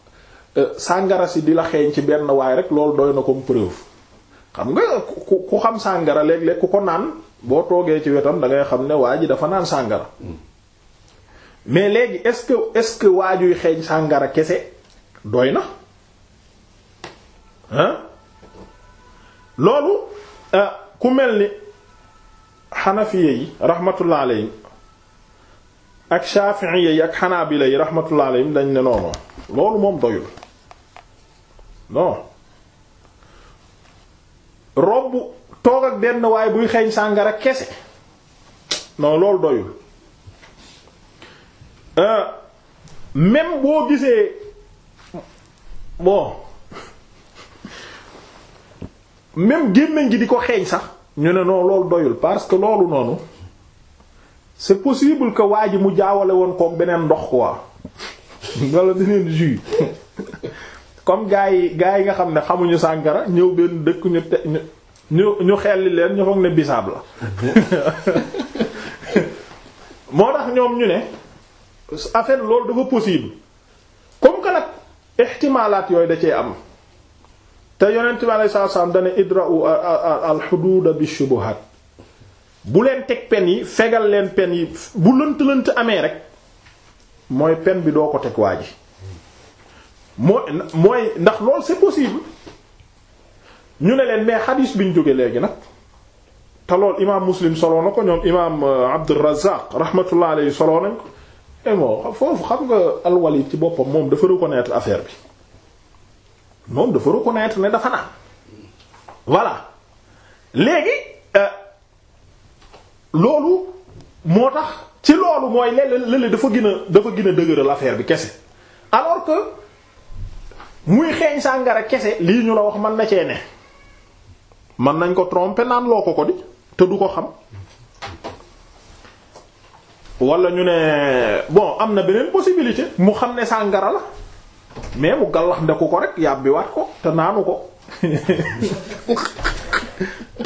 euh, sàngara si di la xeeñ ci benn waay rek loolu doy na comme preuve xam nga ku ku xam sàngara léeg lekk ku ko naan boo toogee ci wetam da ngay xam ne waa ji dafa naan sàngara hmm. mais léegi est-ce est-ce que waajuy xeeñ sàngara kese doy na hein loolu euh, ku mel ni xanafiye yi rahmatullah ak shafi'iye yi ak xanaabila yi rahmatullah alayhim dañ ne noonu loolu moom doyul non robb toog ak benn waaye buy xeeñ sàngara kese non loolu doyul euh, même boo gisee bon même gémmiñ gi di ko xeeñ sax ñu ne non loolu doyul parce que loolu noonu c'est possible ko waa ji mu jaawale woon koog beneen ndox quoi wala beneen jus comme gars yi gars yi nga xam ne xamuñu sàngara ñëw benn dëkk ñu te ñu ñu xelli leen ñu foog ne bisaab la moo tax ñoom ñu ne affaire loolu dafa possible comme que nag ihtimalaat yooyu da cee am. te yonent bi alayhi salaatu salaam dana idra'u al-huduud bi-shubuhaat bu leen teg pen yi fegal leen pen yi bu lënt lënt amee rek mooy pen bi doo ko teg waa ji mooy mooy ndax loolu c'est possible ñu ne leen mais xadiis bi ñu jóge léegi nag te lool imaam muslim soloo na ko ñoom imaam euh, Abdurrazaaq rahmatullah alayhi soloo nañ ko eh, foofu xam nga al ci boppam moom dafa reconnaître affaire bi. moom dafa reconnaître ne dafa naan voilà léegi euh, loolu moo tax ci loolu mooy léeg-léeg dafa gën dafa gën a dëgëral affaire bi kese alors que muy xeeñ sàngara kese lii ñu la wax man na cee ne man nañ ko tromper naan loo ko ko di te du ko xam wala ñu ne bon am na beneen possibilité mu xam ne sàngara la mais mu gàllax ndeku ko rek yàbbi waat ko te naanu ko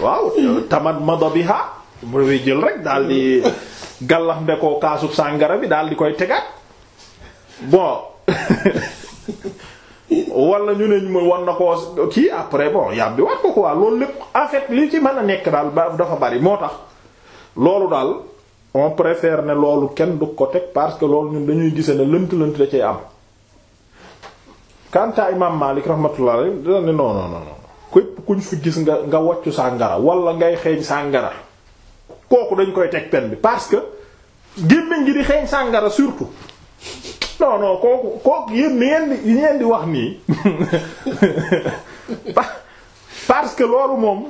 waaw tamat mado bi ha mu jël rek daal di gàllax ndekoo kaasub sàngara bi daal di koy tegaat bon wala ñu neñ mu war na koo kii après bon yàbbi waat ko waa loolu lépp en fait li ci mën a nekk daal ba dafa bari moo tax loolu daal on préfère ne loolu kenn du ko teg parce que loolu ñun dañuy gise ne lënt-lënt da cee am kanta imam Malik rahmatullah alayhi dina ne non non non képp kuñ fi gis nga nga wàccu sàngara wala ngay xeeñ sàngara kooku dañ koy teg pen bi parce que gémmiñ gi di xeeñ sàngara surtout non non kooku kooku yéen ni ngeen di ngeen di wax nii parce que loolu moom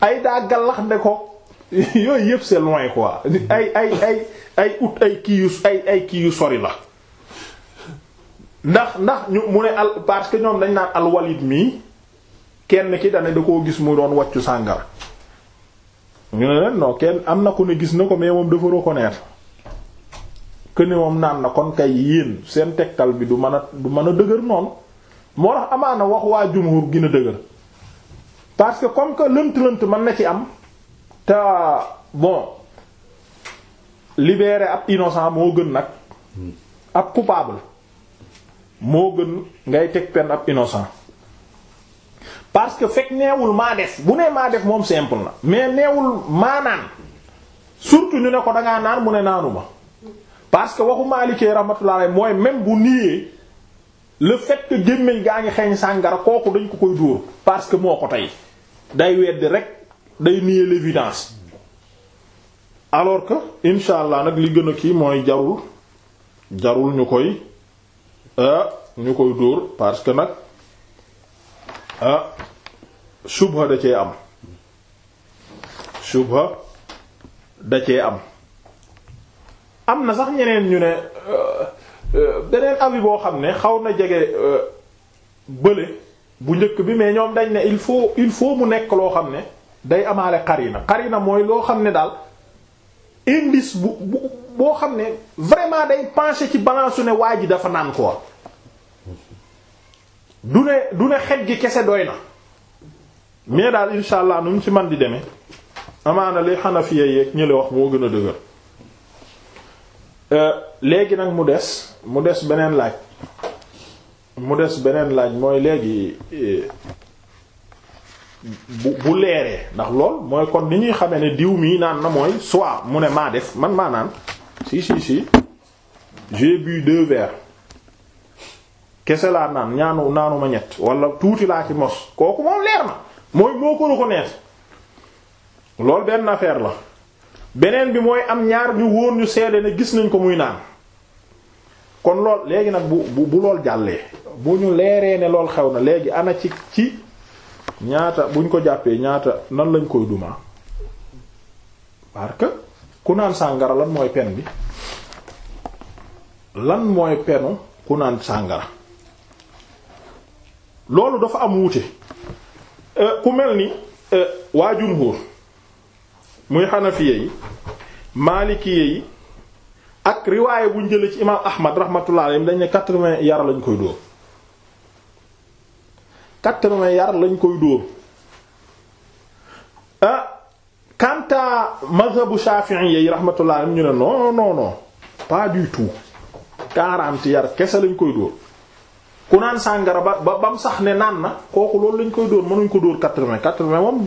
ay daa gallax nde ko yooyu yëpp c'est loin quoi ay ay ay ay ut ay kii yu ay ay kii yu sori la ndax ndax ñu mu ne al parce que ñoom dañ naan alwalid mii kenn ki dane da koo gis mu doon wàccu sàngara ñu ne leen non kenn am na ku ne gis na ko mais moom dafa reconnaître que ne moom naan na kon kay yéen seen tegtal bi du mën a du mën a dëgër noonu moo tax amaana wax waa jumhur gi a dëgër parce que comme que lënt-lënt mën na ci am te bon libérer ab innocent moo gën nag ab coupable moo gën ngay teg pen ab innocent parce que fekk neewul maa def bu nee maa def moom simple na mais neewul maa naan surtout ñu ne ko dangaa naan mu ne naanu ma parce que waxu maalikee rahmatullah mooy même bu niiyee le fait gémmiñ gaa ngi xeeñ sàngara kooku dañ ko koy dóor parce que moo ko tey day weddi rek day nier l'évidence alors que incha allah nag li gën a kii mooy jarul jarul ñu koy ah ñu koy dóor parce que nag ah da cee am subha da cee am am na sax ñeneen ñu ne euh, euh, beneen avis boo xam ne xaw na jege euh, bële bu njëkk bi mais ñoom dañ ne il faut il faut mu nekk loo xam ne day amaale xarina xarina mooy loo xam ne daal indice bu bu boo xam ne vraiment day pencher ci balance su ne waa ji dafa naan koor du ne du ne xet gi kese doy na mais daal insha allah nu mu ci man di demee amaana li xanafiya yeeg ñële wax moo gën a dëgër euh, léegi nag mu des mu des beneen laaj mu des beneen laaj mooy léegi euh, bu bu leeree ndax lool mooy kon ni ñuy xamee ne diw mii naan na mooy soit mu ne maa def man maa naan si si si j'ai bu deux verres kese laa naan ñaanu naanuma ñett wala tuuti laa ci mos kooku moom leer na mooy moo ko reconnaître loolu benn affaire la beneen bi mooy am ñaar ñu wóor ñu seede ne gis nañ ko muy naan kon lool léegi nag bu bu bu lool jàllee bu ñu leeree ne lool xew na léegi ana ci ci ñaata buñ ko jàppee ñaata nan lañ koy duma ku naan sàngara lan mooy pen bi lan mooy penu ku naan sàngara loolu dafa am wuute euh, ku mel ni euh, waa jumhur muy xanafiye yi maalikiye yi ak riwaaye buñ jëlee ci imaam ahmad rahmatullah alayhi ne quatre-vingts yar lañ koy dóor quatre-vingts yar lañ koy dóor ah, kanta mazhabu Shafi'i yi rahmatullah ñu ne non non non pas du tout quarante yar kese lañ koy dóor ku naan sàngara ba ba bam sax ne naan na kooku loolu lañ koy dóor mënuñ ko dóor quatre-vingts quatre-vingts moom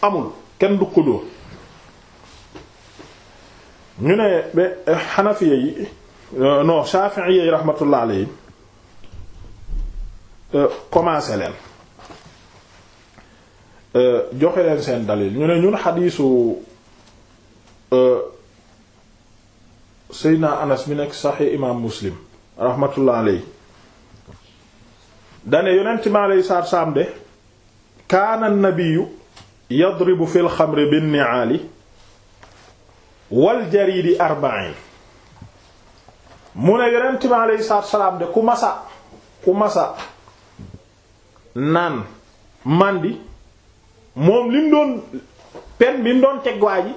amul kenn du ko dóor ñu ne eh, Hanafiya yi eh, non Shafi'i yi rahmatullah alayhi eh, commencé leen Euh, joxe leen seen dalil ñu ne ñun xadiisu euh, Seydina Anas bi nekk saxi imaam Muslim rahmatullah aley dane yonent mi aleyhi salaatu salaam de kaana nabiyu yadribu fil xamri bin mu ne yonent mi aleyhi salaam de ku masa ku masa naan màndi moom li mu doon pen bi mu doon teg waa ji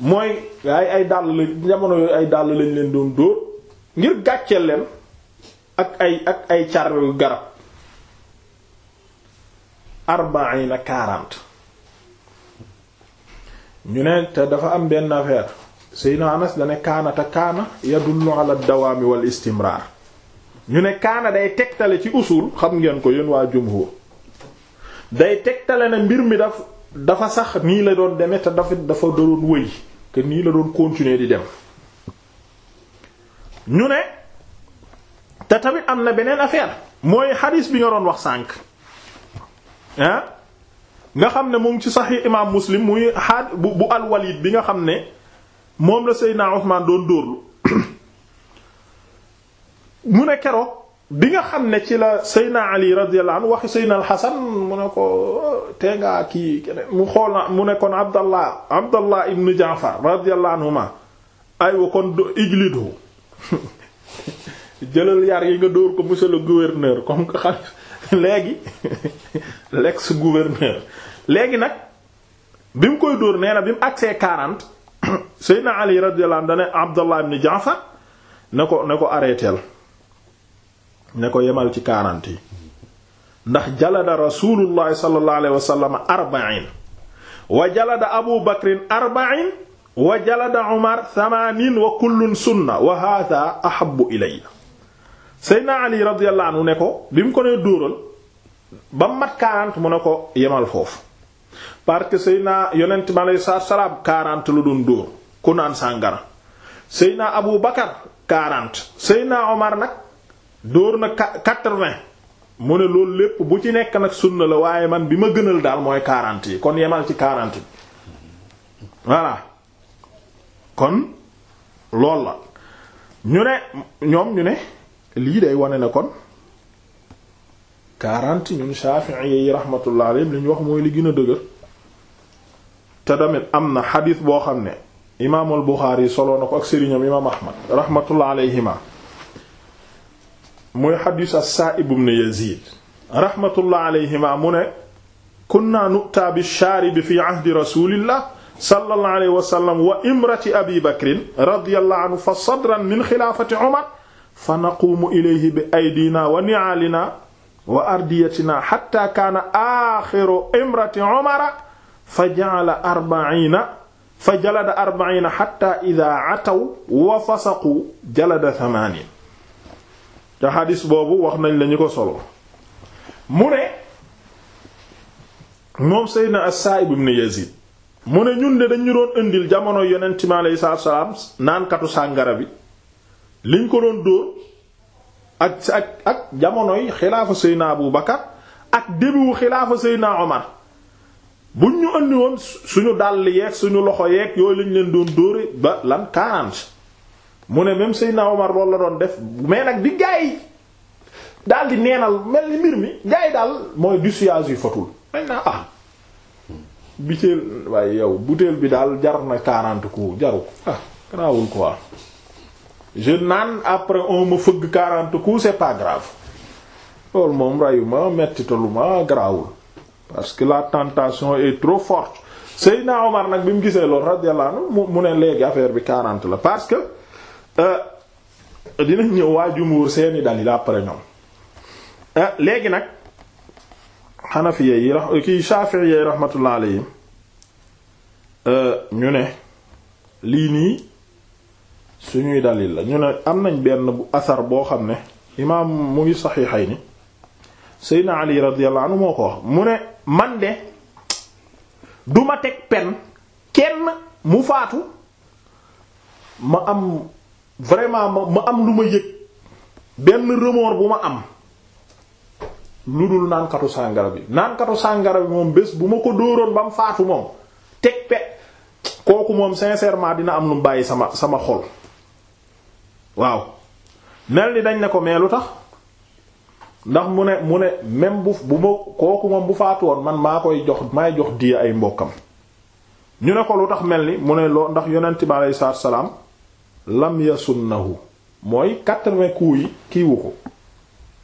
mooy ay ay dàll la jamono yooyu ay dàll lañ leen doon dóor ngir gàcceel leen ak ay ak ay car garab arbaina quarante ñu ne te dafa am benn affaire Seydina Anas dane kaana te kaana yadullu ala dawaami wal istimraar ñu ne kaana day tegtale ci usul xam ngeen ko yéen waa jumhur day tegtale na mbir mi daf dafa sax nii la doon demee te dafa dafa doon wëy que nii la doon continuer di dem ñu ne te tamit am na beneen affaire mooy xadis bi nga doon wax sànq ah nga xam ne moom ci saxi imaam muslim muy xaad bu bu bi nga xam ne moom la Seydina Usmaan doon dóorlu mu ne kero bi nga xam ne ci la Seyna Ali radiyallahu anhu waxi Seyna al-Hasan mu ne ko tee kii mu xool na mu ne kon Abdallah Abdallah ibn Jaafar radiyallahu anhuma aywa kon ijlidu jëlal yar yi nga dóor ko monsieur le gouverneur comme que xam léegi l'ex gouverneur léegi nag bi mu koy dóor nee na bi mu agsee 40 Seyna Ali radiyallahu anhu dane Abdallah ibn Jaafar ne ko ne ko arrêteel ne ko yemal ci quarante yi ndax jalada rasulullahi sallallahu alayhi wa sallam abu bakrin arbain wa jalada umar wa kullun sunna wa hadha ahabbu ilayya seydna ali radiyallahu ne ko bi mu ko nee dóoral ba mat 40 mu ne ko yemal foofu parce que seydna yonent mi aleyhi salaam 40 lu doon dóor ku naan sàngara seydna abu bakar 40 seydna omar nag dóor na quatre-vingts mu ne loolu lépp bu ci nekk nag sunna la waaye man bi ma gënal daal mooy quarante yi kon yemal ci quarante bi voilà kon loolu la ñu ne ñoom ñu ne lii dey wane ne kon quarante ñun Shafi'i yi rahmatullah alayhim li ñu wax mooy li gën a dëgër te tamit am na xadiis boo xam ne imaamul Buxaari yi soloo na ko ak sëriñam imaam Ahmad rahmatullah alayhima muy xadiis as-Saa'ib ibn Yaziid raxmatullah alayhima mu ne kunna nu'taa bi-shaarib fi ahdi rasuulillah sallallahu alayhi wa sallam wa imrati abi bakrin radiyallahu anhu fa sadran min xilaafati Umar fa naquumu ilayhi bi aydina wa ni'aalina wa ardiyatina xatta kaana aaxiru imrati Umara fa ja'ala arba'iina fa jalada arba'iina xatta idaa ataw wa fasaqu jalada thamaaniin te xadis boobu wax nañ lañu ko solo mu ne moom Seydina as-Sa'ib ibn Yazid mu ne ñun de dañu doon indil jamono yonent mi aleyhi salaatu naankatu sàngara bi liñ ko doon dóor ak ak ak jamonoy xilaafa Seydina Abu Bakar ak débutu xilaafa Seydina Omar buñ ñu indi woon suñu dàll yeeg suñu loxo yeek yooyu lañ leen doon dóore ba lan 40 mu ne même Seydina Omar loolu la doon def mais nag di gaa yi daal di neenal mel ni mbir mi gaa yi daal mooy dissuage yu fatul dañ naa ah biteel waaye yow butéel bi daal jar na quarante ko jaru ah garaawul quoi je naan après on ma fëgg quarante coups c'est pas grave loolu moom rayu ma mettitalu ma garaawul parce que la tentation est trop forte Seydina Omar nag bi mu gisee loolu radiyallahu anhu mu ne léegi affaire bi quarante la parce que Eh, dinañ ñëw waa jumhur seeni dalil après ñoom eh, léegi nag xanafiya yi kii shafi'i yi rahmatullah alayhim eh, ñu ne lii nii suñuy dalil la ñu ne am nañ benn bu asar boo xam ne imaam mu ngi saxiixayni seydna ali radiyallahu anhu moo ko wax mu ne man de duma teg pen kenn mu faatu ma am vraiment ma ma am lu ma yëg benn remords bu ma am lu dul naankatu sàngara bi naankatu sàngara bi moom bés bu ma ko dóoroon ba mu faatu moom teg pe kooku moom sincèrement dina am lu mu bàyyi sama sama xol waaw mel ni dañ ne ko mais lu tax ndax mu ne mu ne même bu bu ma kooku moom bu faatu woon man maa koy jox maay jox diya ay mbokkam ñu ne ko lu tax mel ni mu ne loo ndax yonent bi aleyhi salaatu wa salaam lam ya sunnahu mooy quatre-vingts coups yi kiiwu ko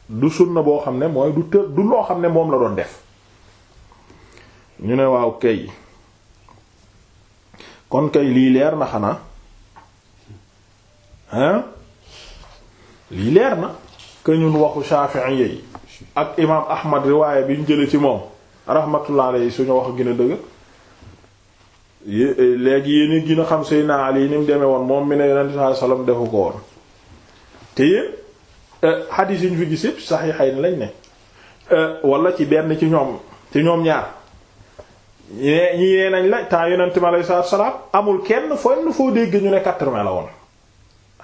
du sunna boo xam ne mooy du të du loo xam ne moom la doon def ñu ne waaw kay kon kay lii leer na xanaa hein lii leer na que ñun waxu Shafi'i yi ak imaam Ahmad riwaaye bi ñu jële ci moom rahmatullah alayhi suñu wax gën a dëgg Eh, léegi yéen a gën a xam Seydina Ali ni mu demee woon moom mi ne yonent sallallahu alayhi wasallam defu ko woon te yéen xadiis eh, yi ñu fi gis yëpp saxiixayn lañ ne eh, wala ci benn ci ñoom ci ñoom ñaar ñee ñi nañ la temps yonent bi alayhi salaatu salaam amul kenn fenn foo dégg ñu ne quatre-vingts la woon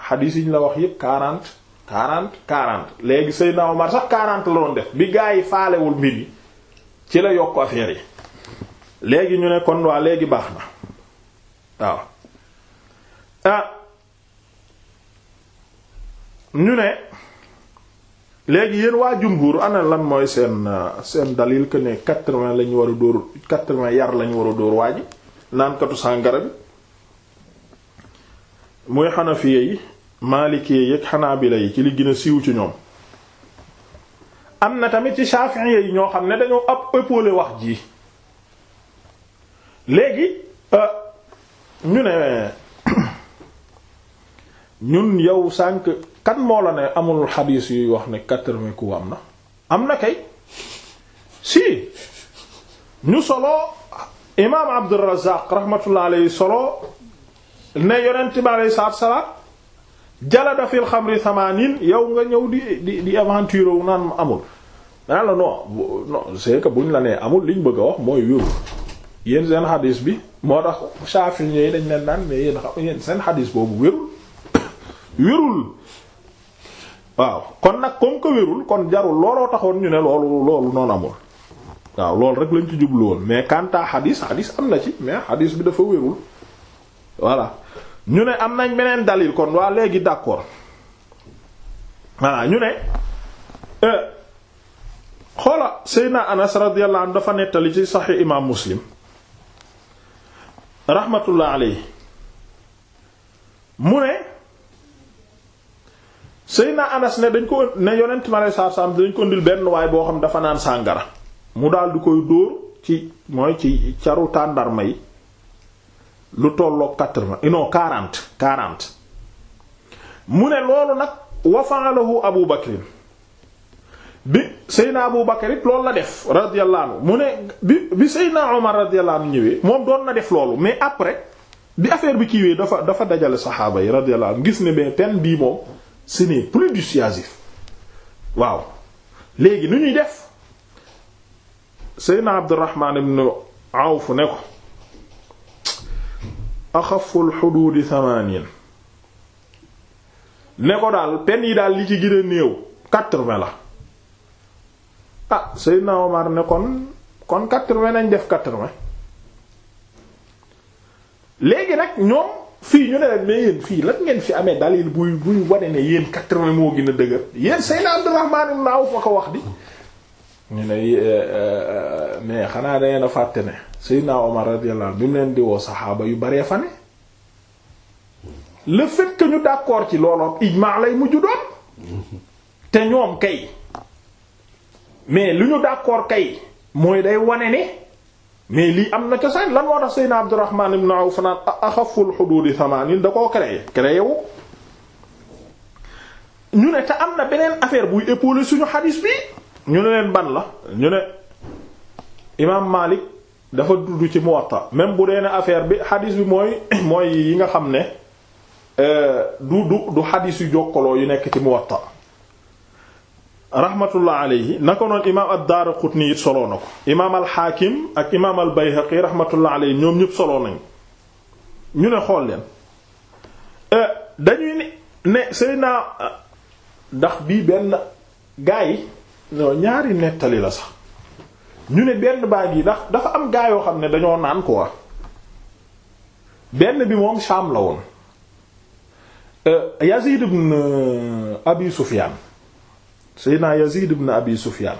xadiis yi ñu la wax yëpp quarante quarante quarante léegi Seydina Omar sax quarante la doon def bi gaa yi faalewul mbir yi ci la yokk affaire yi. léegi ñu ne kon waa léegi baax na waaw ah ñu ne léegi yéen waa jumbuur ana lan mooy seen euh, seen dalil que quatre-vingts lañu war a dóor quatre-vingts yar lañu war a dóor waa ji naankatu sàngara bi muy xanafiye yi maalikee yi ak xanaabila yi ci li gën a siiw ci ñoom am na tamit ci shafi'i yi ñoo xam ne dañoo ab ëppale wax ji léegi euh, ñu ne ñun yow sànq kan moo la ne amul xadiis yuy wax ne quatre-vingts ku am na am na kay si ñu solo imaam Abdurrazzaq rahmatullah alayhi solo ne yonent bi alayhi salaatu salaam jalada fil xamri samaanin yow nga ñëw di di di aventure wu naan amul. danaa la non non c'est que buñ la nee amul liñ bëgg a wax mooy wéeru. yéen seen xadis bi moo tax Shafi'i yi dañ leen naan mais yéen seen xadis boobu wérul wérul waaw kon nag comme que wérul kon jarul looloo taxoon ñu ne loolu loolu noonu amul waaw loolu rek lañ ci jublu mais kanta xadis xadis am na ci mais xadis bi dafa wérul voilà ñu ne am nañ beneen dalil kon waa léegi d'accord voilà ñu ne euh, xoola Seydina Anas radiyallahu anhu dafa nettali ci Sahih Imam Muslim rahmatullah alayhi mu ne Seydina Anas ne dañ ko ne yonent mi aleyhi salaatu salaam dañ ko ndil benn waay boo xam dafa naan sàngara mu daal di koy dóor ci mooy ci caru tàndarma yi lu tolloog quatre-vingts eh non quarante quarante mu ne loolu nag wa Abu Bakr bi Seydina Abu Bakar it loolu la def radiyallahu anhu mu ne bi bi Seydina Omar radiyallahu anhu ñëwee moom doon na def loolu mais après bi affaire bi kiiwee dafa dafa dajale saxaaba yi radiyallahu anhu gis ne mais pen bii moom ce n'est plus dissuasif waaw léegi nu ñuy def Seydina Abdurrahman ibn Awf ne ko axaful xuduudi ne ko daal pen yi daal li ci gën a néew quatre-vingts la ah naa Omar ne kon kon quatre-vingts nañ def quatre-vingts léegi nag ñoom fii ñu ne rek mais yéen fii lan ngeen fi amee dalil buy buy wane ne yéen quatre-vingts moo gën a dëgër yéen Seydina Abdurrahman ibn Awf fa ko wax di ne eh, eh, mais xanaa dangeen a fàtte ne Seydina bi mu leen di woo saxaaba yu baree fa ne le fait ñu d'accord ci looloon ijmaa lay mujju doon te ñoom kay mais lu ñu d'accord kay mooy day wane ne mais lii am na cosaan lan moo tax Seydina Abdurrahman ibn Awf naan axaful xuduudi samanin da koo créé créé wu ñu ne te am na beneen affaire buy épauler suñu xadis bi ñu ne leen ban la ñu ne imaam Malik dafa dudd ci Muwatta même bu dee ne affaire bi xadis bi mooy mooy yi nga xam ne euh, du du du xadis yu jokkaloo yu nekk ci Muwatta rahmatullah alayhi naka noonu imaam ad-Daaraqutni it soloo na ko imaam al-Haakim ak imaam al-Bayhaqi rahmatullah alayhi ñoom ñëpp soloo nañ ñu ne xool leen euh, dañuy ne ne Seydina euh, ndax bii benn gaa yi non ñaari nettali la sax ñu ne benn baa yi ndax dafa am gaa yoo xam ne dañoo naan ko quoi benn bi moom Saam la woon euh, Yazid ibn Abi Sufyaan Seydina Yazid ibn Abi Sufyan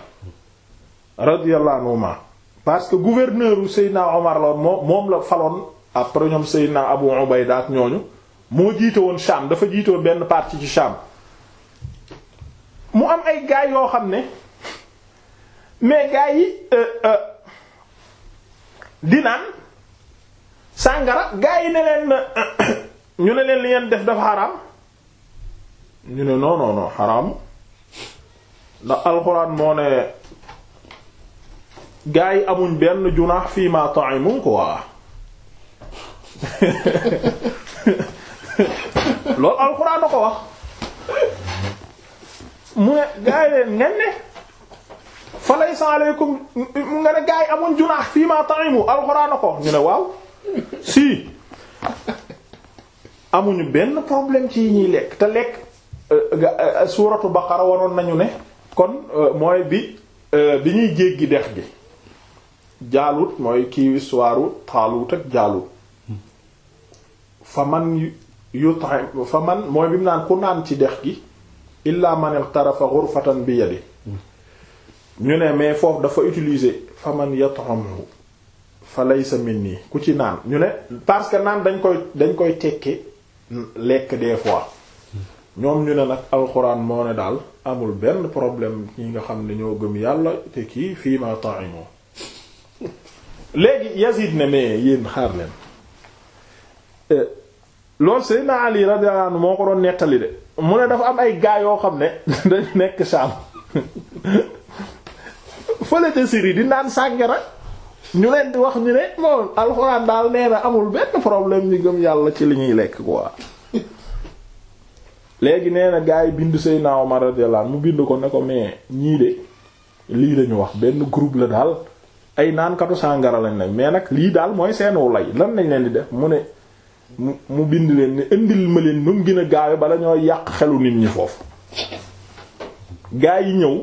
radiyallahu anhuma parce que gouverneur u Seydina Omar la woon moom la faloon après ñoom Abu Ubayda ñooñu moo jiite woon Sham dafa jiite benn partie ci Sham mu am ay gaa yoo xam ne mais gaay yi euh, euh, di naan sàngara gaay yi ne leen ñu ne leen li ngeen def dafa xaraam ñu ne non non ndax alxuraan moo ne gaa yi amuñ benn junaax fii ma ta'imu quoi loolu alxuraan na ko wax mu ne gaa yi leen ngeen ne fa laysa alaykum nga ne gaa yi amuñ junaax fii ma ta'imu alxuraan na ko ñu ne waaw si amuñu benn problème ci yi ñuy lekk te lekk euh, euh, suuratu baqara waroon nañu ne kon euh, mooy bi euh, bi ñuy jéggi dex gi jaalut mooy kii histoire taalut ak jaalut fa man yutim fa man mooy bi mu naan ku naan ci dex gi illa man iqtarafa ghurfatan bi yadi ñu ne mais foofu dafa utiliser fa man yatamu fa laysa minni ku ci naan ñu ne parce que naan dañ koy dañ koy tekke lekk des fois ñoom ñu ne nag alxuraan moo ne daal amul benn problème ñi nga xam ne ñoo gëm yàlla te kii fii ma ta'imu léegi Yazid ne mais yéen xaar leen euh, loolu Seydina Ali radiyallahu moo ko doon nettali de mu ne dafa am ay gaa yoo xam ne dañu nekk Saam fële ca Syrie di naan sàngara ñu leen di wax ñu ne moom alxuraan daal nee na amul benn problème ñu gëm yàlla ci li ñuy lekk quoi. léegi nee na gaa yi bind Seydina Omar radiyallahu mu bind ko ne ko mais ñii de lii lañu wax benn group la daal ay naankatu sàngara lañ nag mais nag lii daal mooy seenwu lay lan lañ leen di def mu ne mu bind leen ne indil ma leen nu mu gën a gaawe bala ñoo yàq xelu nit ñi foofu gaa yi ñëw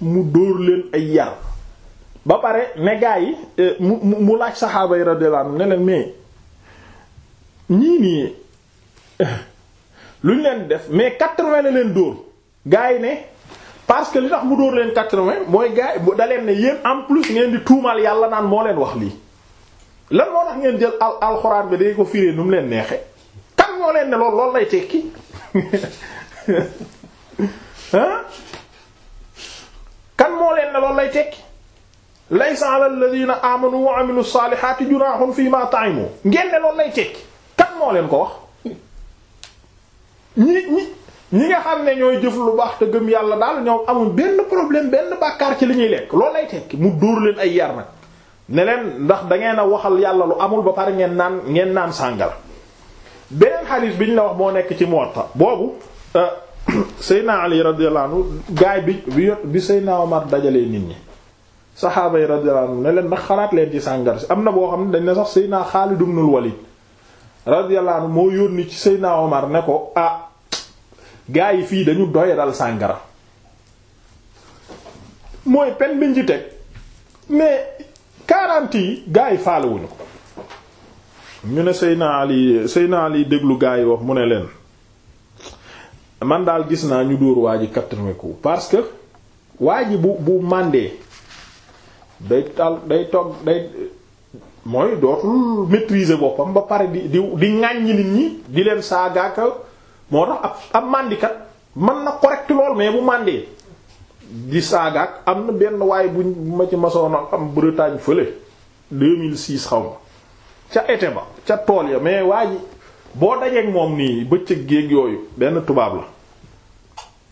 mu dóor leen ay yar ba pare ne gaa yi eh, mu mu laaj saxaaba yi ne leen mais ñii nii eh, lu ñu leen def mais quatre-vingt leen dóor gars ne parce que li tax mu dóor leen quatre-vingt mooy gars yi da ne yéen en plus ngeen di tuumaal yàlla naan moo leen wax lii lan moo tax ngeen jël al alxuraan bi day ko firee nu mu leen neexe kan moo leen ne lool lay tekki ah kan leen ne loolu lay tekki laysa ala alladhina amanu wa amilu salihati junahun fi ma ta'imu ngeen ne loolu lay tekki kan moo leen ko wax ñi ñi ñi nga xam ne ñooy jëf lu baax te gëm yàlla daal ñoom amul benn problème benn bàkkaar ci li ñuy lekk loolu lay tekki mu dóor leen ay yar nag ne leen ndax da ngeen a waxal yàlla lu amul ba pare ngeen naan ngeen naan sàngara beneen xadiis bi ñu la wax moo nekk ci Muwatta boobu euh, Seydina Ali radiyallahu anhu gaay bi bi bi Seydina Omar dajalee nit ñi saxaaba yi radiyallahu anhu ne leen xalaat leen ci sàngara si am na boo xam ne dañ ne sax Seydina Xaalid ibnul Walid radiyallahu anhu moo yónni ci Seydina Omar ne ko ah, gaa yi fii dañu doyadal sàngara mooy pen biñ ci teg mais quarante yi gaa yi faalewuñu ko ñu ne Seyna Ali Seyna Ali déglu gaa yi wax mu ne leen man daal gis naa ñu dóor waa ji quatre-vingts parce que waa ji bu bu màndee day tal day toog day mooy dootul maîtriser boppam ba pare di di di ŋàññi nit ñi di leen saagaaka moo tax ab ab màndikat man na correct lool mais bu màndee di saagaak am na benn waaye bu ma ci masoon am Bretagne fële 2006 xaw ma ca été ba ca tool ya mais waa ji boo dajeeg moom nii bëccëg géeg yooyu benn tubaab la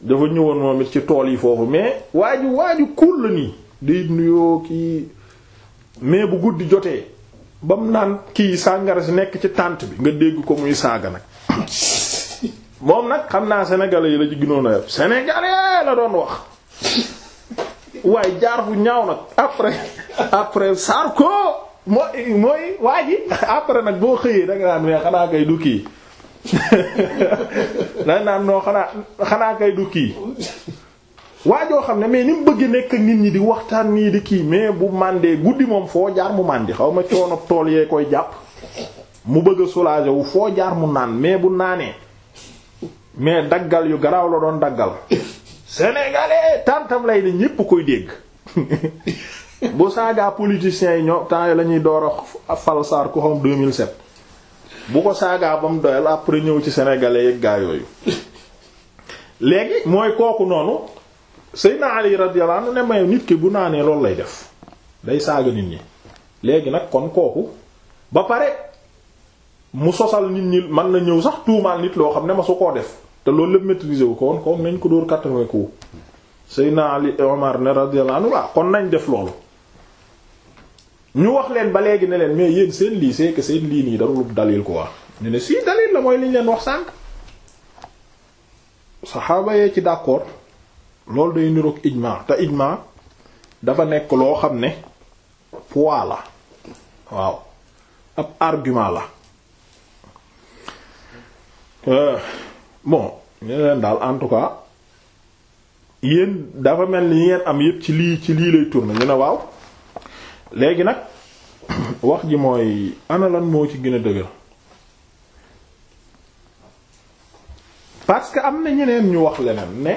dafa ñëwoon moom it ci tool yi foofu mais waa ji waa ji kuul la nii day nuyoo kii mais bu guddi jotee ba mu naan kii sàngara si nekk ci tànt bi nga dégg ko muy saaga nag moom nag xam naa sénégalais yi la ci ginoon a yab la doon wax waaye jaar bu ñaaw nag après après Sarko mooy mooy waa ji après nag boo xëyee da naan du kii da naan noo xanaa xanaa kay du kii waajoo xam ne mais ni mu bëgg nekk nit ñi di waxtaan nii di kii mais bu màndee guddi moom foo jaar mu màndi xaw ma coono tool yee koy jàpp mu bëgg a wu foo jaar mu naan mais bu naanee mais daggal yu garaaw la doon daggal sénégalais tantam lay ni ñépp koy dégg bu saagaa politiciens yi ñoo temps la ñuy door a fal Sarr ku xam 2007 bu ko saagaa ba mu doyal après ñëw ci sénégalais yëg yooyu léegi mooy kooku noonu Seydina Ali radiyallahu anhu ne ma nit ki bu naanee loolu lay def day saaga nit ñi léegi nag kon kooku ba pare mu sosal nit ñi man na ñëw sax tuumaal nit loo xam ne ma su koo def te loolu lépp maîtriser wu ko woon kon nañ ko dóor quatre-vingts coups Seydina Ali Omar ne radiyallahu anhu waaw kon nañ def loolu ñu wax leen ba léegi ne leen mais yéen seen lii c'est que seen lii nii darul dalil quoi ñu ne si dalil la mooy liñ leen wax sànq saxaaba yee ci d'accord loolu day niroog ijma te ijma dafa nekk loo xam ne poids la waaw ab argument la euh, bon ñu leen daal en tout cas yéen dafa mel ni ngeen am yépp ci lii ci lii lay tourner ñu ne waaw léegi nag wax ji mooy ana moo ci gën a dëgër parce que am na ñeneen ñu wax leneen ne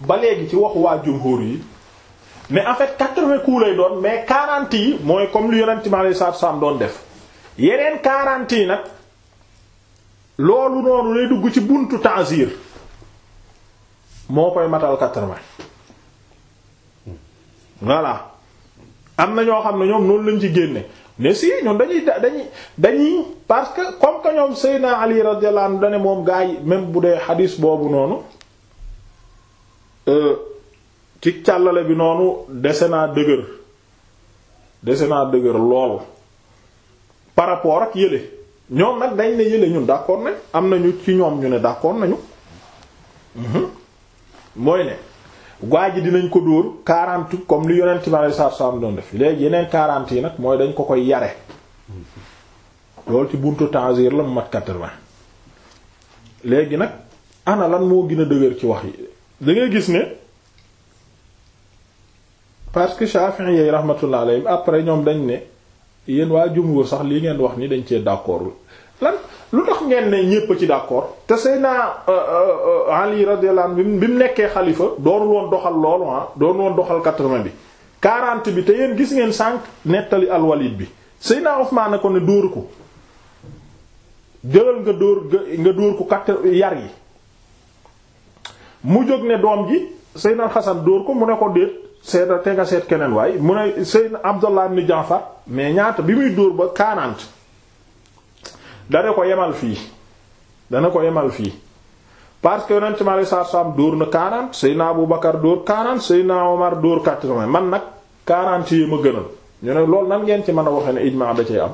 ba léegi ci wax waa jumhur yi mais en fait quatre-vingts coups lay doon mais quarante yi mooy comme lu yonent mi alayhi salaatu salaam doon def yeneen quarante yi nag. loolu noonu lay dugg ci buntu ta'zir moo koy matal quatre-vingts am na ñoo xam ne ñoom noonu lañ ci génne ne si ñun dañuy dañuy dañuy parce que comme que ñoom Seydina Ali radiyallahu anhu dane moom gaa yi même bu dee xadiis boobu noonu euh, ci càllale bi noonu dese naa dëgër dese naa dëgër lool par rapport ak yële ñoom nag dañ ne yële ñun d'accord nañ am nañu ci ñoom ñu ne d'accord nañu mhm. mooy ne waa ji dinañ ko dóor 40 comme li yonent ma lay saar saam doon def léegi yeneen 40 yi nag mooy dañ ko koy yare loolu ci buntu Tanzir la mu mat 80 léegi nag ana lan moo gin a dëgër ci wax yi da gis ne parce que Shafi'i yi rahmatullah alayhi après ñoom dañ ne. yéen waa jumhur sax lii ngeen wax ni dañ cee d'accord lan lu tax ngeen ne ñépp ci d'accord te Seydina euh, euh, euh, Ali radiyallahu bi mu nekkee xalifa doonul woon doxal loolu ah doonul woon doxal quatre bi quarante bi te yéen gis ngeen sànq nettali al bi Seydina Usmaan na ko ne dóor ko jëlal nga dóor nga dóor ko quatre yar yi mu jóg ne doom ji Seydina Xasan dóor ko mu ne ko déet seet a teg a seet keneen waaye mu ne Seydina Abdullah ibn Jaafar mais ñaata bi muy dóor ba quarante dana ko yemal fii dana ko yemal fii parce que yonent mi aleyhi salaatu salaam dóor na quarante Seydina Abu Bakar dóor quarante Seydina Omar dóor quatre-vingts man nag quarante yi ma gënal ñu ne loolu nan ngeen ci mën a waxee ne ijmaa da cee am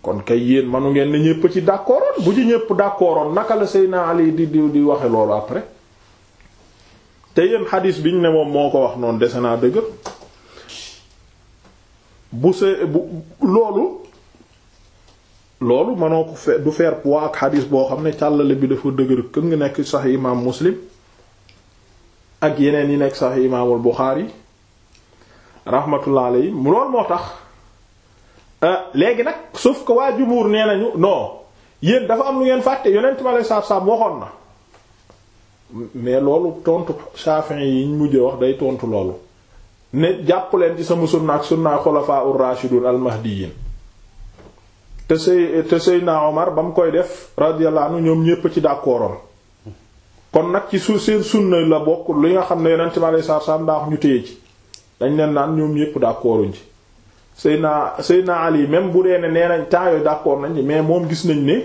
kon kay yéen manu ngeen ne ñépp ci d'accordoon bu ci ñépp d'accordoon naka la Seydina Ali di di di waxe loolu après te yéen xadis bi ñu ne moom moo ko wax noonu dese naa dëgg bu see bu loolu loolu manoo ko fe du faire poids ak xadis boo xam ne càllale bi dafa dëgër këm ngi nekk sax imaam muslim ak yeneen yi nekk sax imaamul buxaari rahmatullah alayhi mu loolu moo tax euh, léegi nag sauf ko waa jumuur nee nañu non yéen dafa am lu ngeen fàtte yonent ma lay saab saab waxoon na mais loolu tontu Shafi'i yi ñu mujjee wax day tontu loolu ne jàpp leen ci sama sunna ak sunna xulafaa ur-rashidun al-mahdiyyin te sey te Seydina Omar ba mu koy def radiyallahu anhu ñoom ñépp ci d'accordoon kon nag ci su sunna la bokk li nga xam ne yonent mi alayhi salaatu salaam daa ñu téye ci dañ leen naan ñoom ñépp d'accorduñ ci Seydina Seydina Ali même bu dee ne nee nañ temps yooyu d'accord nañ mais moom gis nañ ni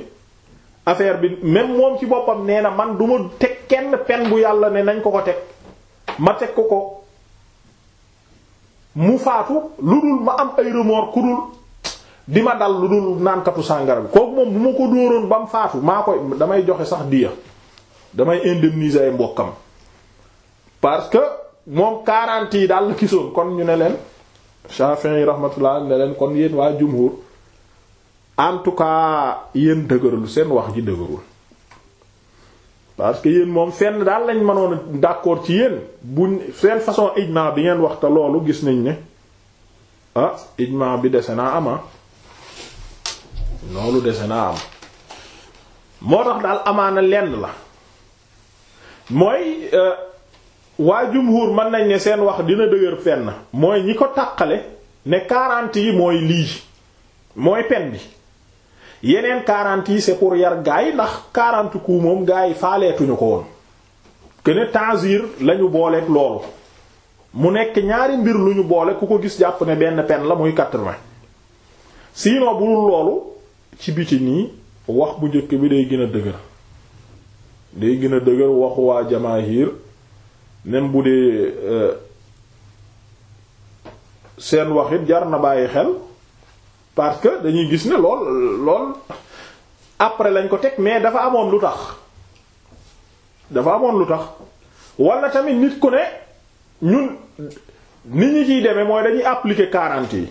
affaire bi même moom ci boppam nee na man du teg kenn pen bu yàlla ne nañ ko ko teg ma teg ko ko mu faatu lu dul ma am ay remords ku dul di ma dal lu dul naankatu sàngara bi kooku moom bu ma ko dóoroon ba mu faatu maa koy damay joxe sax diya damay indemniser ay mbokkam parce que moom 40 yi daal la gisoon kon ñu ne leen Shafi'i rahmatullah ne leen kon yéen waa jumhur en tout cas yéen dëgërul seen wax ji dëgërul parce que yéen moom fenn daal lañ mënoon a d'accord ci yéen bu seen façon ijma bi ngeen waxta loolu gis nañ ne ah ijma bi dese naa ama ah. loolu dese naa am moo tax daal amaana lenn la mooy euh, waa jumhur mën nañ ne seen wax dina dëgër fenn mooy ñi ko tàqale ne quarante yi mooy lii mooy pen bi yeneen quarante yi c'est pour yar gars yi ndax quarante coups moom gars yi faaleetuñu ko woon que ne tazir lañu booleeg loolu mu nekk ñaari mbir lu ñu boole ku ko gis jàpp ne benn pen la muy quatre-vingts sinon bu dul loolu ci biti nii wax bu njëkk bi day gën a dëgër day gën a dëgër waxu waa jamaahir même bu dee euh, seen wax jar na bàyyi xel parce que dañuy gis ne lool lool après lañ ko teg mais dafa amoon lu tax dafa amoon lu tax walla tamit nit ku ne ñun nit ñi ciy demee mooy dañuy appliquer quarante yi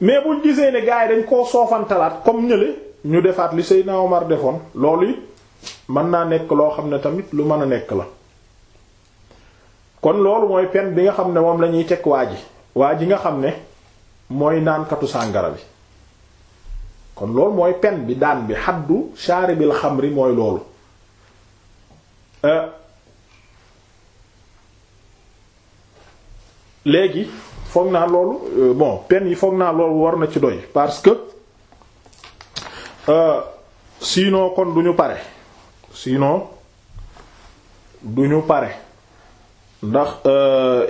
mais buñ gisee ne gars yi dañ koo soofantalaat comme ñële ñu defaat li Seydina Omar defoon loolu it mën naa nekk loo xam ne tamit lu mën a nekk la kon loolu mooy pen bi nga xam ne moom la ñuy teg waa ji waa ji nga xam ne mooy naankatu sàngara bi kon loolu mooy pen bi daan bi xaddu la xamri mooy loolu euh, léegi foog naa loolu euh, bon pen yi foog naa loolu war na ci doy parce que euh, sinon kon duñu pare sinon duñu pare ndax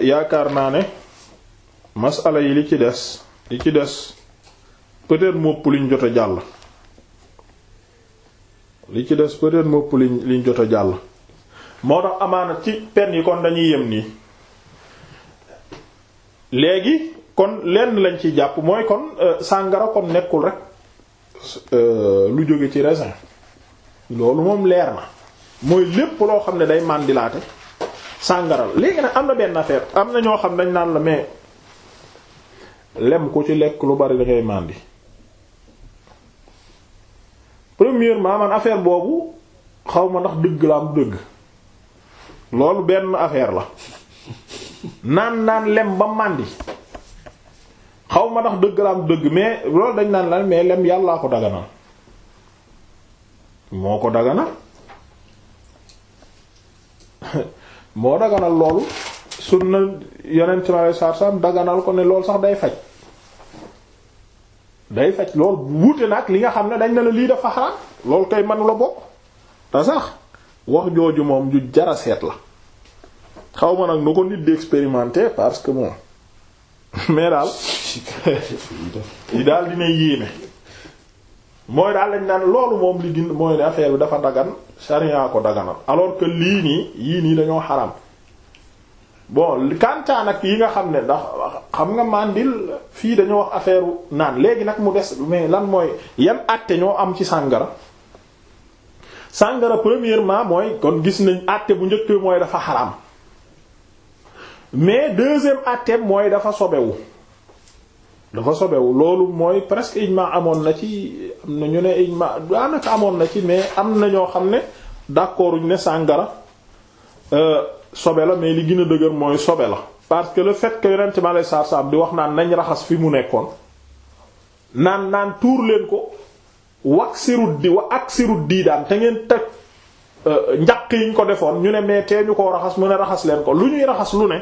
yaakaar naa ne masala yi li ci des li ci des peut-être mopp liñ jot a jàll li ci des peut-être mopp liñ liñ jot a jàll moo tax amaana ci pen yi kon dañuy yem nii léegi kon lenn lañ ci jàpp mooy kon euh, sàngara kon nekkul rek euh, lu jóge ci raisin loolu moom leer na mooy lépp loo xam ne day màndilaate sàngara léegi nag am na benn affaire am na ñoo xam dañ naan la mais lem ku ci lekk lu bari da ngay màndi premièrement man affaire boobu xaw ma ndax dëgg la dëgg loolu benn affaire la naan naan lem ba màndi xaw ma ndax dëgg la am dëgg mais loolu dañ naan lan mais lem yàllaa ko daganal moo ko daganal moo daganal loolu na yeneen ci ma sar sam ko ne loolu sax day faj day faj lool wuute nag li nga xam ne dañ ne la lii dafa xaraam loolu koy manu la bokk te sax wax jooju moom ju jara seet la xaw ma nag nu ko nit di expérimenter parce que moom mais daal yi daal dina yéeme mooy daal lañ naan loolu moom li gin mooy ne affaire bi dafa dagan sharia ko daganal alors que lii nii yii nii dañoo xaraam bon kantaan ak yi nga xam ne ndax xam nga mandil fii dañoo wax affaire naan léegi nag mu des mais lan mooy yan àtte ñoo am ci sàngara sàngara premièrement mooy kon gis nañ àtte bu njëkk mooy dafa xaraam mais deuxième àtte mooy dafa sobewu dafa sobewu loolu mooy presque ijma amoon na ci am na ñu ne ijma daanaka amoon na ci mais am na ñoo xam ne d'accorduñ ne sàngara. Euh, sobe la mais li gën a dëgër mooy sobe la parce que la fait que yonent mi alayhi salaatu salaam di wax naan nañ raxas fi mu nekkoon naan naan tuur leen ko wak sirut di wa ak sirut dii daan te ngeen teg euh, njaq yiñ ko defoon ñu ne mais tee ñu ko raxas mu ne raxas leen ko lu ñuy raxas lu ne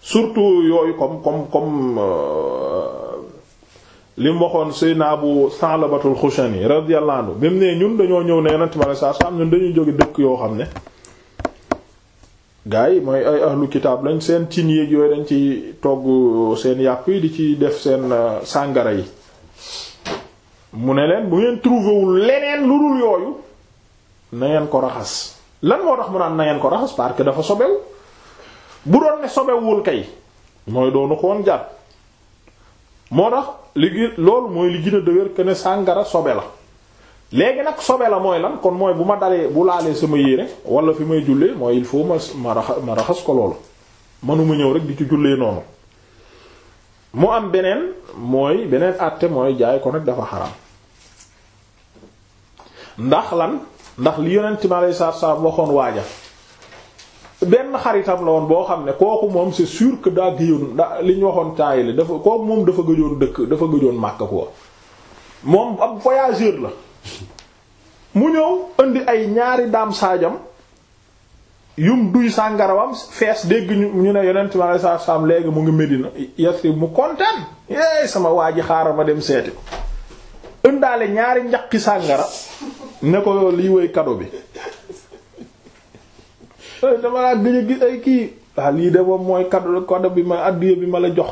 surtout yooyu comme comme comme euh, li mu waxoon Seydina Abu Sa'labatul Xushani radiyallahu anhu bi mu ne ñun dañoo ñëw ne yonent mi alayhi salaatu salaam ñun dañuy jóge dëkk yoo xam ne gars yi mooy ay ahlu kitaab lañ seen cin yéeg yooyu dañ ci togg seen yàpp yi di ci def seen euh, sàngara yi mu ne leen bu ngeen trouvé wul leneen lu dul yooyu na ngeen ko raxas lan moo tax mu naan na ngeen ko raxas parce que dafa sobewu bu doon ne sobewul kay mooy doonu ko woon moo tax li loolu mooy li gën a dëgër que ne sàngara sobe la léegi nag sobe la mooy lan kon mooy bu ma dalee bu laalee sama yére wala fi may jullee mooy il faut ma ma raxas ko loolu manuma ñëw rek di ci jullee noonu mu am beneen mooy beneen àtte mooy jaay ko nag dafa xaraam ndax lan ndax li yonent mi alayhi salaatu salaam waxoon waaja benn xaritam la woon boo xam ne kooku moom c'est sûr que daa gëjoon da li ñu waxoon taay dafa kooku moom dafa gëjoon dëkk dafa gëjoon màkk quoi moom ab voyageur la mu ñëw indi ay ñaari daam saajam yum duy sàngarawam fees dégg ñu ne yonent mi alei léegi mu ngi Medina Yasrib mu kontaan é sama waa xaaral ma dem seeti ko ëndaale ñaari njaqi sàngara ne ko lii woy kado bi eh, ah, lii de moom mooy kado kado bi ma addiye bi ma la jox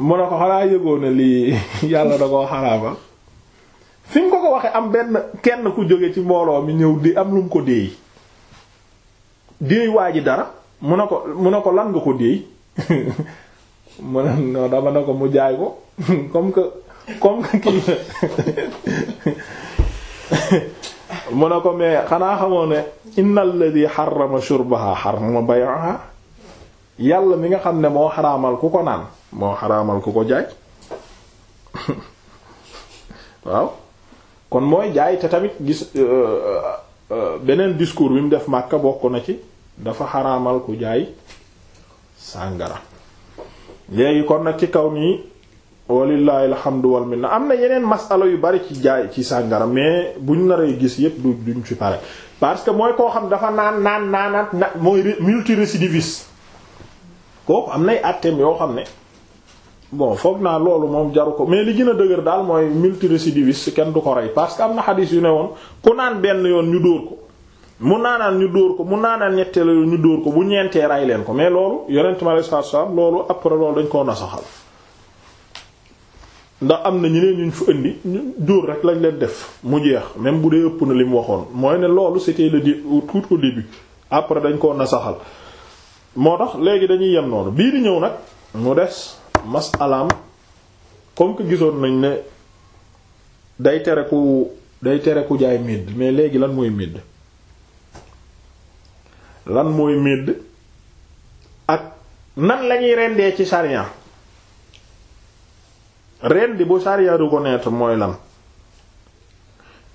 mu ne ko xanaa yëgoo lii yàlla da koo xaraama fi mu ko ko waxee am benn kenn ku jóge ci mbooloo mi ñëw di am lu mu ko déey déey waa ji dara mu ne ko mu ne ko lan nga ko déey mu ne ko mu jaay ko comme que comme que kii mu ne ko mais xanaa xamoo ne inna alladhi harrama shurbaha yàlla mi nga xam ne moo xaraamal ku ko naan moo xaraamal ku ko jaay waaw kon mooy jaay te tamit gis euh, euh, euh, beneen discours bi mu def Makka bokk na ci dafa xaraamal ku jaay sàngara léegi kon nag ci kaw nii walillahi alhamdu wal minna am na yeneen masala yu bari ci jaay ci sàngara mais buñ naree gis yépp du duñ ci pare parce que mooy koo xam dafa naan naan naanaat na mooy multirécidiviste kooku am nay àtteem yoo xam ne bon foog naa loolu moom jaru ko mais li gën a dëgër daal mooy multirécidiviste kenn du ko rey parce que am na xadis yu ne woon ku naan benn yoon ñu dóor ko mu naanaan ñu dóor ko mu naanaan ñetteel yoon ñu dóor ko bu ñeentee ray leen ko mais loolu yonent mi alayhi salaatu salaam loolu après loolu dañ koo nasaxal ndax am na ñu leen indi ñu rek lañ leen def mu jeex même bu dee li mu waxoon mooy ne loolu c'était le tout au début après dañ koo nasaxal moo tax léegi dañuy yem noonu biir di ñëw nag mu des. masalaam comme que gisoon nañ ne day tere ku day tere ku jaay midd mais léegi lan mooy midd lan mooy midd ak nan lañuy rendee ci sharia rendi bu sharia reconnaître mooy lan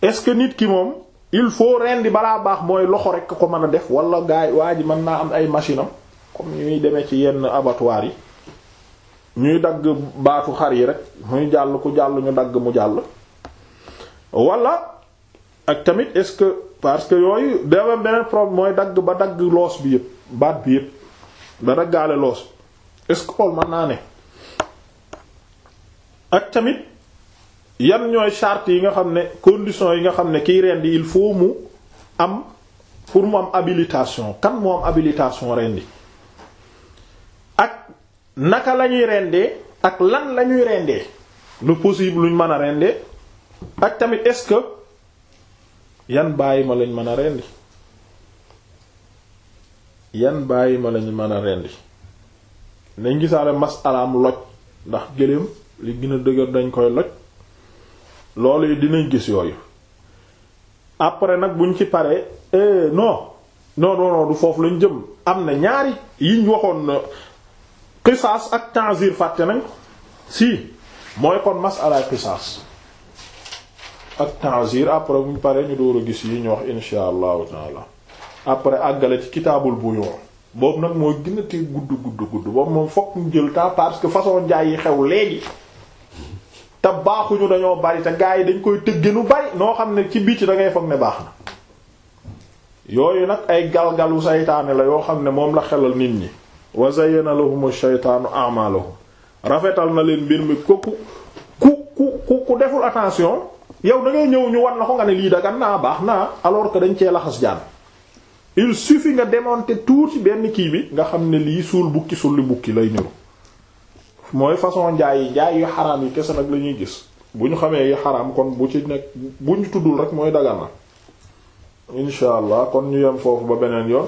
est-ce que nit ki moom il faut rendi balaa baax mooy loxo rek ko mën a def wala gaay waa ji mën naa am ay machine am comme ni muy demee ci yenn abattoir yi ñuy dagg baatu xar yi rek muy jàll ku jàll ñu dagg mu jàll wala ak tamit est-ce que parce que yooyu dafa beneen problème mooy dagg ba dagg loos bi yëpp baat bi yëpp ba daggaale loos est-ce que mën naa ne ak tamit yan ñooy charte yi nga xam ne condition yi nga xam ne kiy rendi il faut mu am pour mu am habilitation kan mu am habilitation rendi ak naka lañuy ñuy rendee ak lan la ñuy rendee lu possible luñ mën a rendee ak tamit est-ce que yan bàyyi ma lañ mën a rendi yan bàyyi ma lañu mën a rendi nañ gisaale masalaam loj ndax gëléem li gën a dëgër dañ koy loj loolu yi dinañ gis yooyu après nag buñ ci pare euh, no non non du foofu lañ jëm am na ñaari yiñ waxoon qisaas ak ta'zir fàtte nañ si mooy kon masalaay qisaas ak ta'zir après bu ñu paree ñu door a gis yi ñu wax insha allahu taala après àggale ci kitaabul buyu' boobu nag mooy gën a tee gudd gudd gudd boobu moom fokk ñu jël temps parce que façon jaay yi xew léegi te baaxuñu dañoo bari te gaa yi dañ koy tëgge nu bari noo xam ne ci biic da dangay foog ne baax na yooyu nag ay galgalu saytaane la yoo xam ne moom la xelal nit ñi wa zayyana lahum shaytaanu a'maalahum rafetal na leen mbir mi ko ku ku ku ku deful attention yow da ngay ñëw ñu wan la ko nga ne lii dagan naa baax naa alors que dañ cee laxas jaan il suffit nga demoon démonter tuuti benn kii bi nga xam ne lii suul bukki sulli bukki lay niru mooy façon njaay yi njaay yi xaraam yi kese nag la ñuy gis bu ñu xamee yi xaraam kon bu ci nekk bu ñu tuddul rek mooy dagan na incha allah kon ñu yem foofu ba beneen yoon